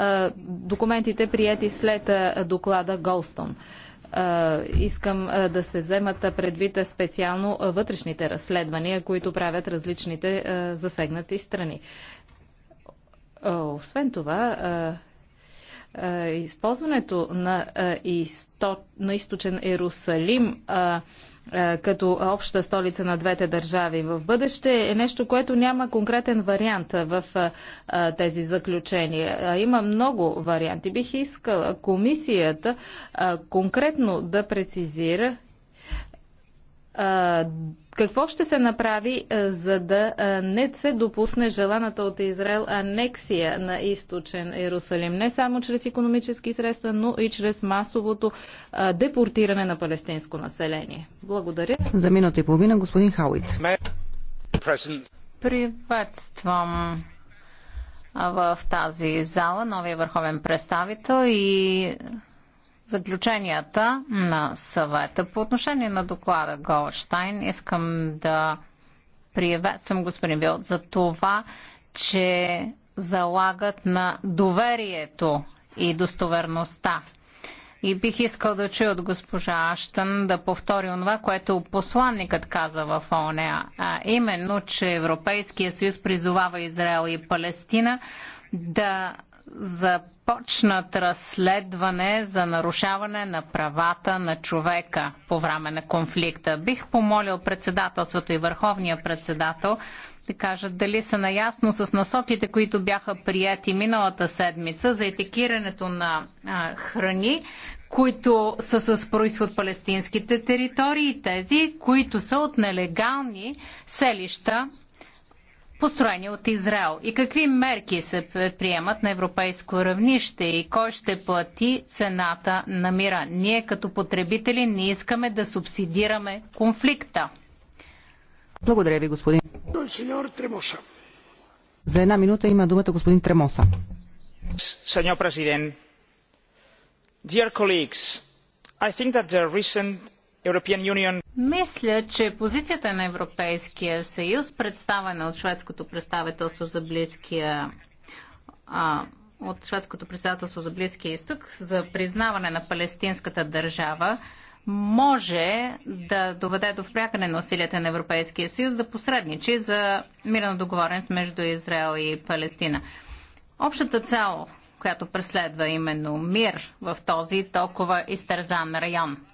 е, документите, прияти след доклада Голстон. Искам да се вземат предвид специално вътрешните разследвания, които правят различните засегнати страни. Освен това, използването на, източен Иерусалим е, като обща столица на двете държави в бъдеще е нещо, което няма конкретен вариант в е, е, тези заключения. Има много варианти. Бих искала комисията конкретно да прецизира какво ще се направи, за да не се допусне желаната от Израел анексия на източен Иерусалим? Не само чрез економически средства, но и чрез масовото депортиране на палестинско население. Благодаря. За минута и половина господин Хауит. Приветствам в тази зала новия върховен представител и заключенията на съвета. По отношение на доклада Голштайн искам да приветствам господин Билт за това, че залагат на доверието и достоверността. И бих искал да чуя от госпожа Аштън да повтори това, което посланникът каза в ОНЕ, а именно, че Европейския съюз призовава Израел и Палестина да започнат разследване за нарушаване на правата на човека по време на конфликта. Бих помолил председателството и върховния председател да кажат дали са наясно с насоките, които бяха прияти миналата седмица за етикирането на а, храни, които са с происход палестинските територии и тези, които са от нелегални селища построени от Израел. И какви мерки се предприемат на европейско равнище и кой ще плати цената на мира? Ние като потребители не искаме да субсидираме конфликта. Благодаря ви, господин. Тремоса. За една минута има думата господин Тремоса. Сеньор президент, dear colleagues, I think that the recent мисля, че позицията на Европейския съюз, представена от шведското представителство за близкия а, от шведското председателство за Близкия изток за признаване на палестинската държава може да доведе до впрякане на усилията на Европейския съюз да посредничи за мирна договореност между Израел и Палестина. Общата цел, която преследва именно мир в този толкова изтързан район –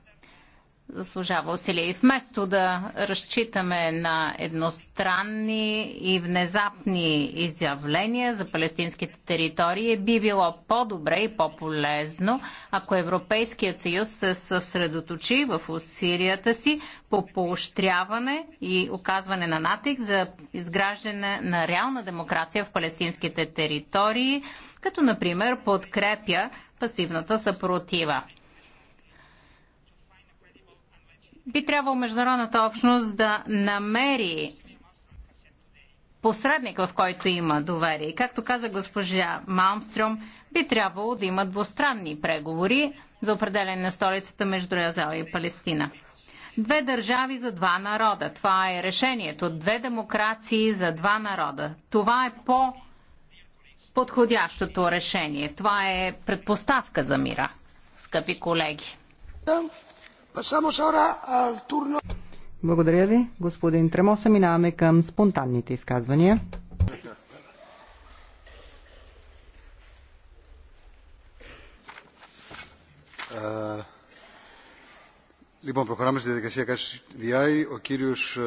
заслужава усилия. И вместо да разчитаме на едностранни и внезапни изявления за палестинските територии, би било по-добре и по-полезно, ако Европейският съюз се съсредоточи в усилията си по поощряване и оказване на натиск за изграждане на реална демокрация в палестинските територии, като например подкрепя пасивната съпротива би трябвало международната общност да намери посредник, в който има доверие. И както каза госпожа Малмстрюм, би трябвало да има двустранни преговори за определене на столицата между Язел и Палестина. Две държави за два народа. Това е решението. Две демокрации за два народа. Това е по подходящото решение. Това е предпоставка за мира, скъпи колеги. Благодаря ви, господин Тремоса. Минаваме към спонтанните изказвания. Λοιπόν, προχωράμε στη διαδικασία Cash DI. Ο κύριος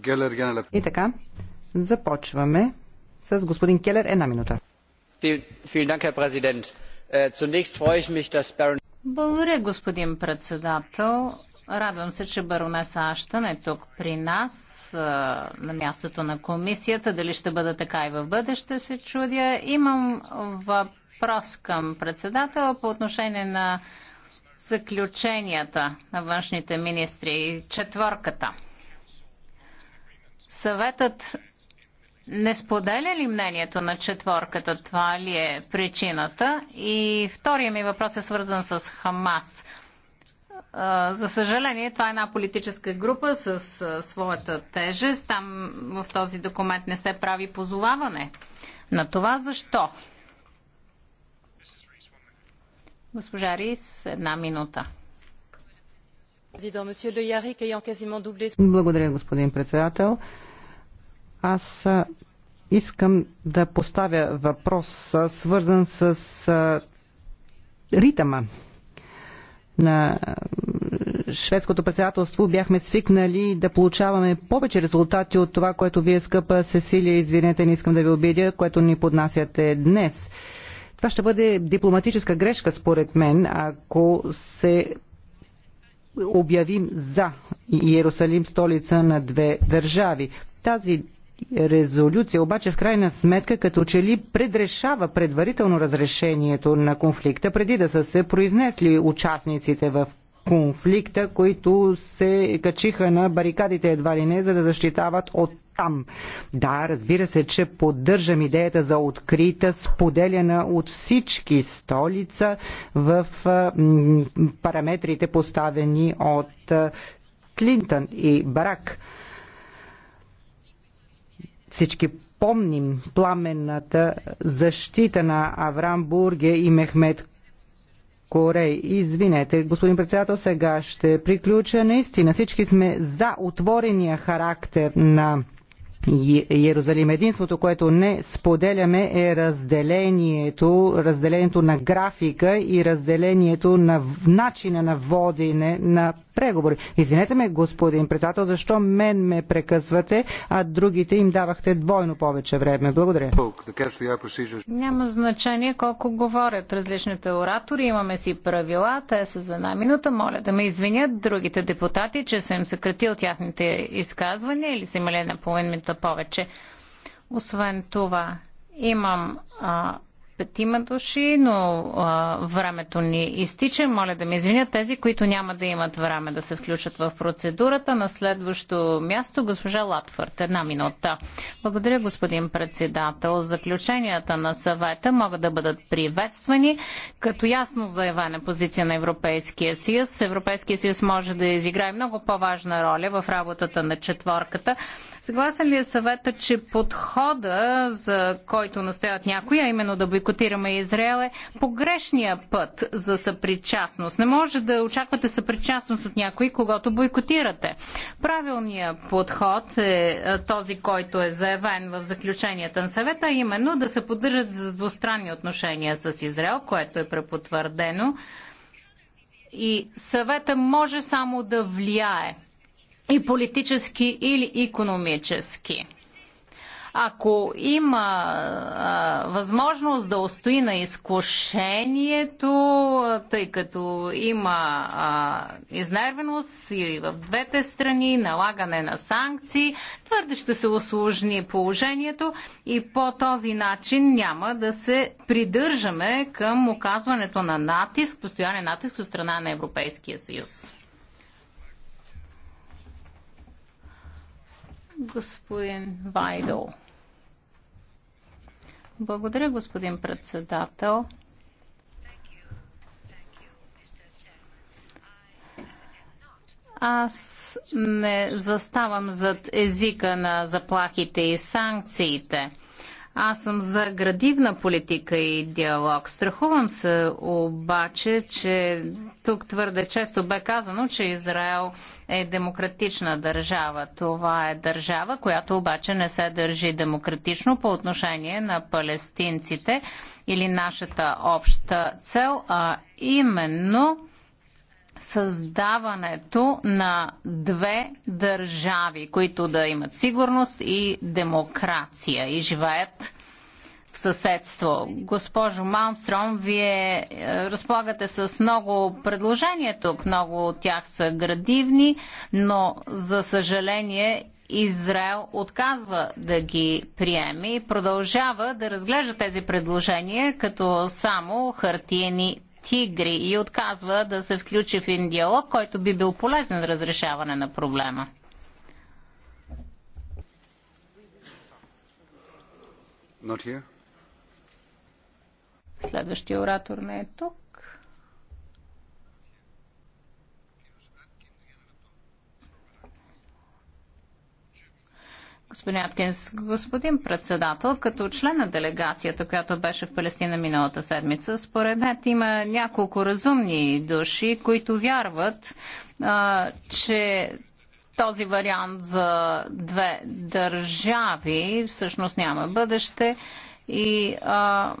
Γκέλερ για ένα λεπτό. И така, започваме с господин Келер една минута. Vielen Dank, Herr Präsident. Zunächst freue ich mich, dass Baron благодаря, господин председател. Радвам се, че баронеса Аштън е тук при нас, на мястото на комисията. Дали ще бъде така и в бъдеще, се чудя. Имам въпрос към председател по отношение на заключенията на външните министри и четворката. Съветът не споделя ли мнението на четворката? Това ли е причината? И втория ми въпрос е свързан с Хамас. За съжаление, това е една политическа група с своята тежест. Там в този документ не се прави позоваване на това защо. Госпожа Рис, една минута. Благодаря, господин председател. Аз искам да поставя въпрос, свързан с ритъма на шведското председателство бяхме свикнали да получаваме повече резултати от това, което вие, скъпа Сесилия, извинете, не искам да ви обидя, което ни поднасяте днес. Това ще бъде дипломатическа грешка, според мен, ако се обявим за Иерусалим столица на две държави. Тази резолюция обаче в крайна сметка като че ли предрешава предварително разрешението на конфликта, преди да са се произнесли участниците в конфликта, които се качиха на барикадите едва ли не, за да защитават от там. Да, разбира се, че поддържам идеята за открита, споделена от всички столица в параметрите поставени от Клинтън и Барак. Всички помним пламенната защита на Аврам Бурге и Мехмед Корей. Извинете, господин председател, сега ще приключа. Наистина всички сме за отворения характер на е-, Иерусалим. Единството, което не споделяме е разделението, разделението на графика и разделението на начина на водене на преговори. Извинете ме, господин председател, защо мен ме прекъсвате, а другите им давахте двойно повече време. Благодаря. Няма значение колко говорят различните оратори. Имаме си правила. Те са за една минута. Моля да ме извинят другите депутати, че съм съкратил тяхните изказвания или са имали една половин минута повече. Освен това, имам а, петима души, но а, времето ни изтича. Моля да ми извинят тези, които няма да имат време да се включат в процедурата. На следващо място госпожа Латвърт. Една минута. Благодаря, господин председател. Заключенията на съвета могат да бъдат приветствани като ясно заявена позиция на Европейския съюз. Европейския съюз може да изиграе много по-важна роля в работата на четворката. Съгласен ли е съвета, че подхода, за който настояват някои, а именно да бойко бойкотираме Израел е погрешния път за съпричастност. Не може да очаквате съпричастност от някой, когато бойкотирате. Правилният подход е, е този, който е заявен в заключенията на съвета, а именно да се поддържат за двустранни отношения с Израел, което е препотвърдено. И съвета може само да влияе и политически или економически. Ако има а, възможност да устои на изкушението, тъй като има а, изнервеност и в двете страни, налагане на санкции, твърде ще се осложни положението и по този начин няма да се придържаме към оказването на натиск, постоянен натиск от страна на Европейския съюз. господин Вайдол. Благодаря, господин председател. Аз не заставам зад езика на заплахите и санкциите. Аз съм за градивна политика и диалог. Страхувам се обаче, че тук твърде често бе казано, че Израел е демократична държава. Това е държава, която обаче не се държи демократично по отношение на палестинците или нашата обща цел, а именно създаването на две държави, които да имат сигурност и демокрация и живеят в съседство. Госпожо Малмстром, вие е, разполагате с много предложения тук, много от тях са градивни, но за съжаление Израел отказва да ги приеме и продължава да разглежда тези предложения като само хартиени тигри и отказва да се включи в един диалог, който би бил полезен за разрешаване на проблема. Следващия оратор не е тук. Господин Аткинс, господин председател, като член на делегацията, която беше в Палестина миналата седмица, според мен има няколко разумни души, които вярват, а, че този вариант за две държави всъщност няма бъдеще и а,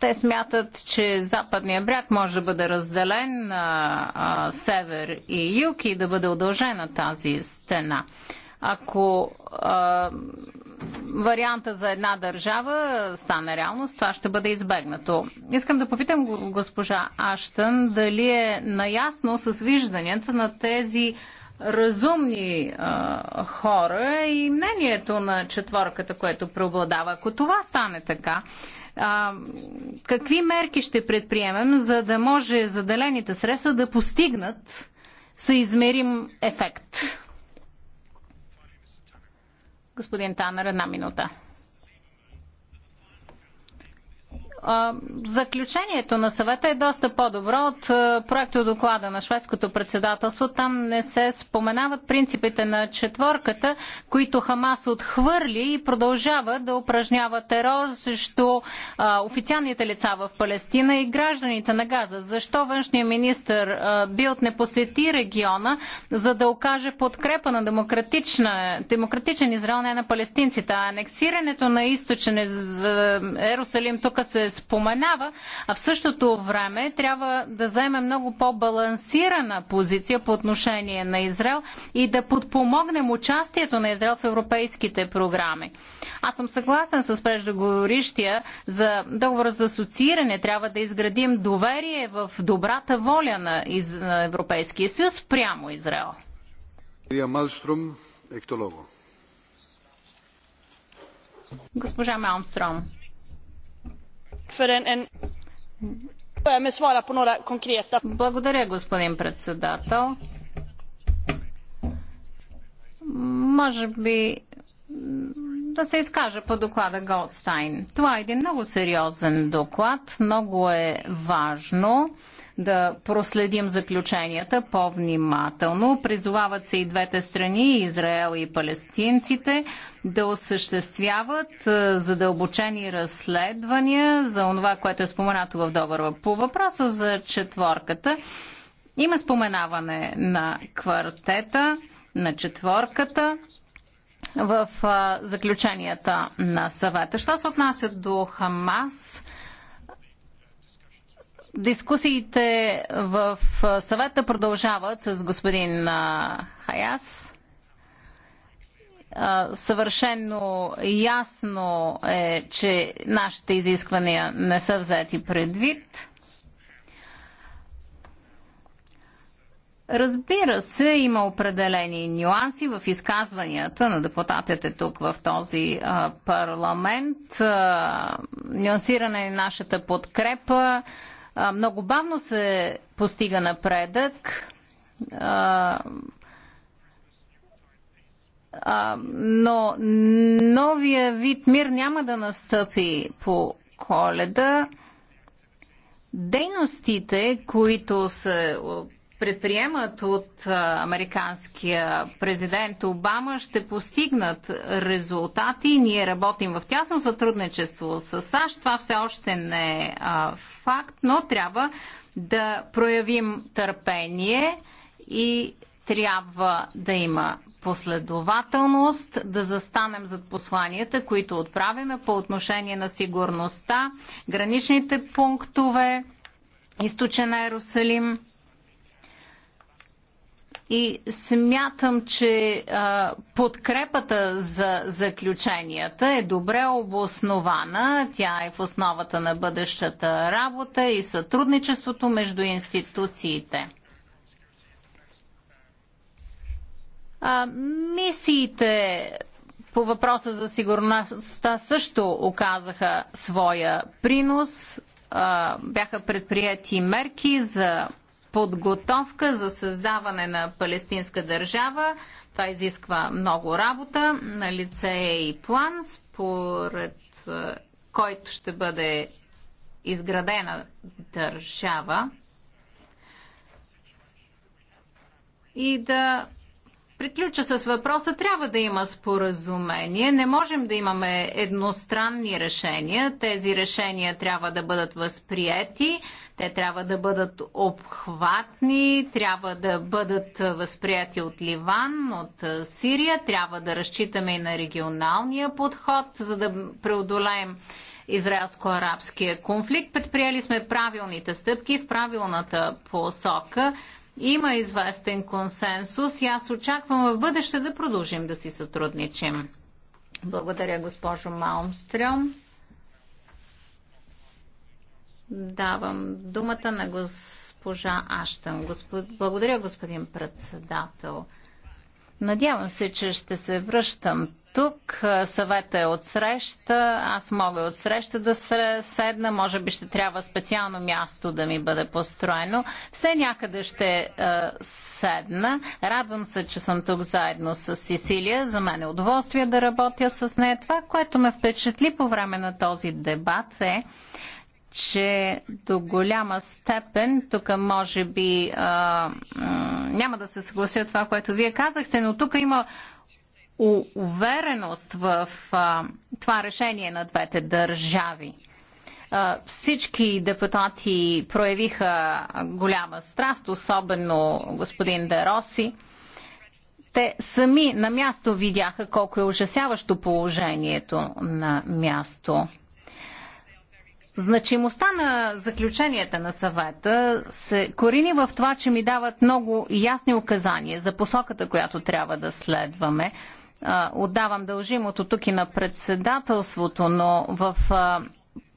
те смятат, че западния бряг може да бъде разделен на север и юг и да бъде удължена тази стена. Ако а, варианта за една държава стане реалност, това ще бъде избегнато. Искам да попитам госпожа Аштън дали е наясно с вижданията на тези разумни а, хора и мнението на четворката, което преобладава. Ако това стане така, а, какви мерки ще предприемем, за да може заделените средства да постигнат съизмерим ефект? Господин Танър, една минута. Заключението на съвета е доста по-добро от проекто доклада на шведското председателство. Там не се споменават принципите на четворката, които Хамас отхвърли и продължава да упражнява терор срещу официалните лица в Палестина и гражданите на Газа. Защо външният министр Билт не посети региона, за да окаже подкрепа на демократичен Израел, не на палестинците? А анексирането на източен е Ерусалим тук се споменава, а в същото време трябва да заеме много по-балансирана позиция по отношение на Израел и да подпомогнем участието на Израел в европейските програми. Аз съм съгласен с преждеговорищия за договор за асоцииране. Трябва да изградим доверие в добрата воля на, из... на Европейския съюз прямо Израел. Госпожа Малмстром. Благодаря, господин председател. Може би да се изкажа по доклада Голдстайн. Това е един много сериозен доклад, много е важно да проследим заключенията по-внимателно. Призовават се и двете страни, Израел и палестинците, да осъществяват е, задълбочени разследвания за това, което е споменато в договора. По въпроса за четворката, има споменаване на квартета, на четворката в е, заключенията на съвета. Що се отнася до Хамас, Дискусиите в съвета продължават с господин Хаяс. Съвършено ясно е, че нашите изисквания не са взети предвид. Разбира се, има определени нюанси в изказванията на депутатите тук в този парламент. нюансиране на нашата подкрепа много бавно се постига напредък. Но новия вид мир няма да настъпи по коледа. Дейностите, които се предприемат от американския президент Обама, ще постигнат резултати. Ние работим в тясно сътрудничество с САЩ. Това все още не е факт, но трябва да проявим търпение и трябва да има последователност, да застанем зад посланията, които отправяме по отношение на сигурността, граничните пунктове, източен Ерусалим и смятам, че а, подкрепата за заключенията е добре обоснована. Тя е в основата на бъдещата работа и сътрудничеството между институциите. А, мисиите по въпроса за сигурността също оказаха своя принос. А, бяха предприяти мерки за подготовка за създаване на палестинска държава. Това изисква много работа. На лице е и план, според който ще бъде изградена държава и да приключа с въпроса, трябва да има споразумение. Не можем да имаме едностранни решения. Тези решения трябва да бъдат възприяти, те трябва да бъдат обхватни, трябва да бъдат възприяти от Ливан, от Сирия, трябва да разчитаме и на регионалния подход, за да преодолеем израелско-арабския конфликт. Предприели сме правилните стъпки в правилната посока. Има известен консенсус и аз очаквам в бъдеще да продължим да си сътрудничим. Благодаря, госпожо Малмстрем. Давам думата на госпожа Аштън. Господ... Благодаря, господин председател. Надявам се, че ще се връщам тук. Съвета е от среща. Аз мога от среща да седна. Може би ще трябва специално място да ми бъде построено. Все някъде ще е, седна. Радвам се, че съм тук заедно с Сесилия. За мен е удоволствие да работя с нея. Това, което ме впечатли по време на този дебат е, че до голяма степен, тук може би а, няма да се съглася това, което вие казахте, но тук има увереност в а, това решение на двете държави. А, всички депутати проявиха голяма страст, особено господин Дероси. Те сами на място видяха колко е ужасяващо положението на място. Значимостта на заключенията на съвета се корени в това, че ми дават много ясни указания за посоката, която трябва да следваме. Отдавам дължимото тук и на председателството, но в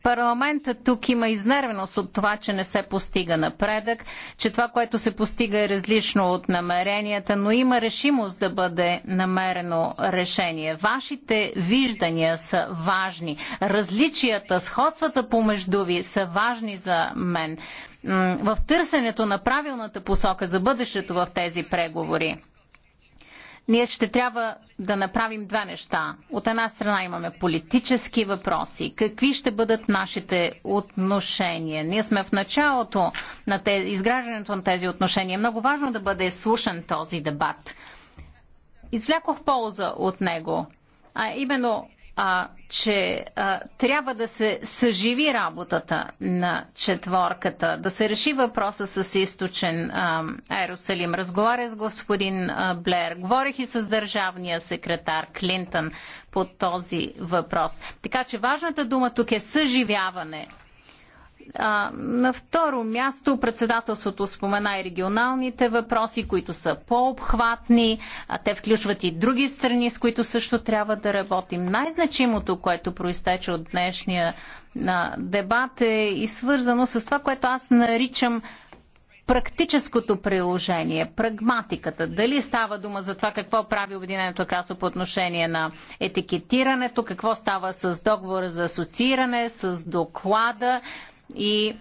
Парламентът тук има изнервеност от това, че не се постига напредък, че това, което се постига е различно от намеренията, но има решимост да бъде намерено решение. Вашите виждания са важни. Различията, сходствата помежду ви са важни за мен в търсенето на правилната посока за бъдещето в тези преговори ние ще трябва да направим две неща. От една страна имаме политически въпроси. Какви ще бъдат нашите отношения? Ние сме в началото на тези, изграждането на тези отношения. Много важно да бъде слушан този дебат. Извлякох полза от него. А именно а, че а, трябва да се съживи работата на четворката, да се реши въпроса с източен Аерусалим. Разговаря с господин а, Блер, говорих и с държавния секретар Клинтън по този въпрос. Така че важната дума тук е съживяване а, на второ място председателството спомена и регионалните въпроси, които са по-обхватни. те включват и други страни, с които също трябва да работим. Най-значимото, което проистече от днешния на дебат е и свързано с това, което аз наричам практическото приложение, прагматиката, дали става дума за това какво прави Обединеното красо по отношение на етикетирането, какво става с договора за асоцииране, с доклада, и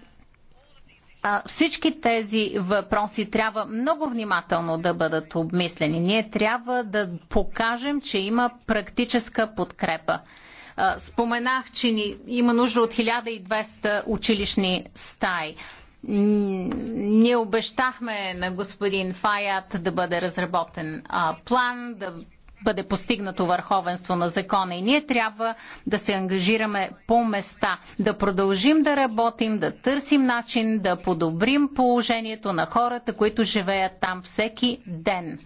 всички тези въпроси трябва много внимателно да бъдат обмислени. Ние трябва да покажем, че има практическа подкрепа. Споменах, че ни, има нужда от 1200 училищни стаи. Ние обещахме на господин Фаят да бъде разработен план, да бъде постигнато върховенство на закона. И ние трябва да се ангажираме по места, да продължим да работим, да търсим начин да подобрим положението на хората, които живеят там всеки ден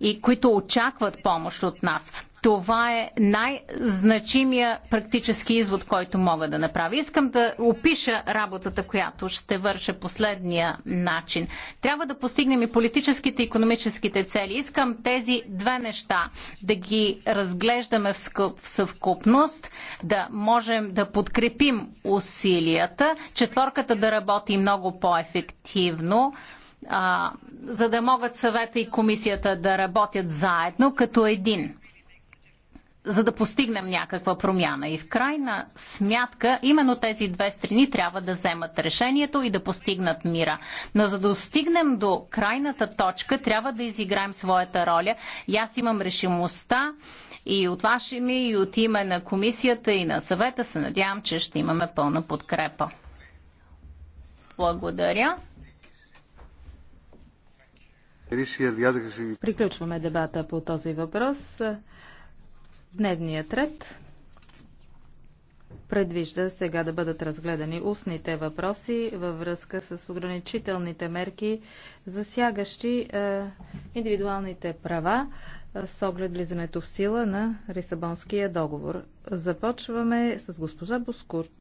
и които очакват помощ от нас. Това е най-значимия практически извод, който мога да направя. Искам да опиша работата, която ще върша последния начин. Трябва да постигнем и политическите и економическите цели. Искам тези две неща да ги разглеждаме в съвкупност, да можем да подкрепим усилията, четворката да работи много по-ефективно, за да могат съвета и комисията да работят заедно като един за да постигнем някаква промяна. И в крайна смятка, именно тези две страни трябва да вземат решението и да постигнат мира. Но за да достигнем до крайната точка, трябва да изиграем своята роля. И аз имам решимостта и от ваше ми, и от име на комисията и на съвета се надявам, че ще имаме пълна подкрепа. Благодаря. Приключваме дебата по този въпрос. Дневният ред предвижда сега да бъдат разгледани устните въпроси във връзка с ограничителните мерки, засягащи е, индивидуалните права е, с оглед влизането в сила на Рисабонския договор. Започваме с госпожа Боскурт.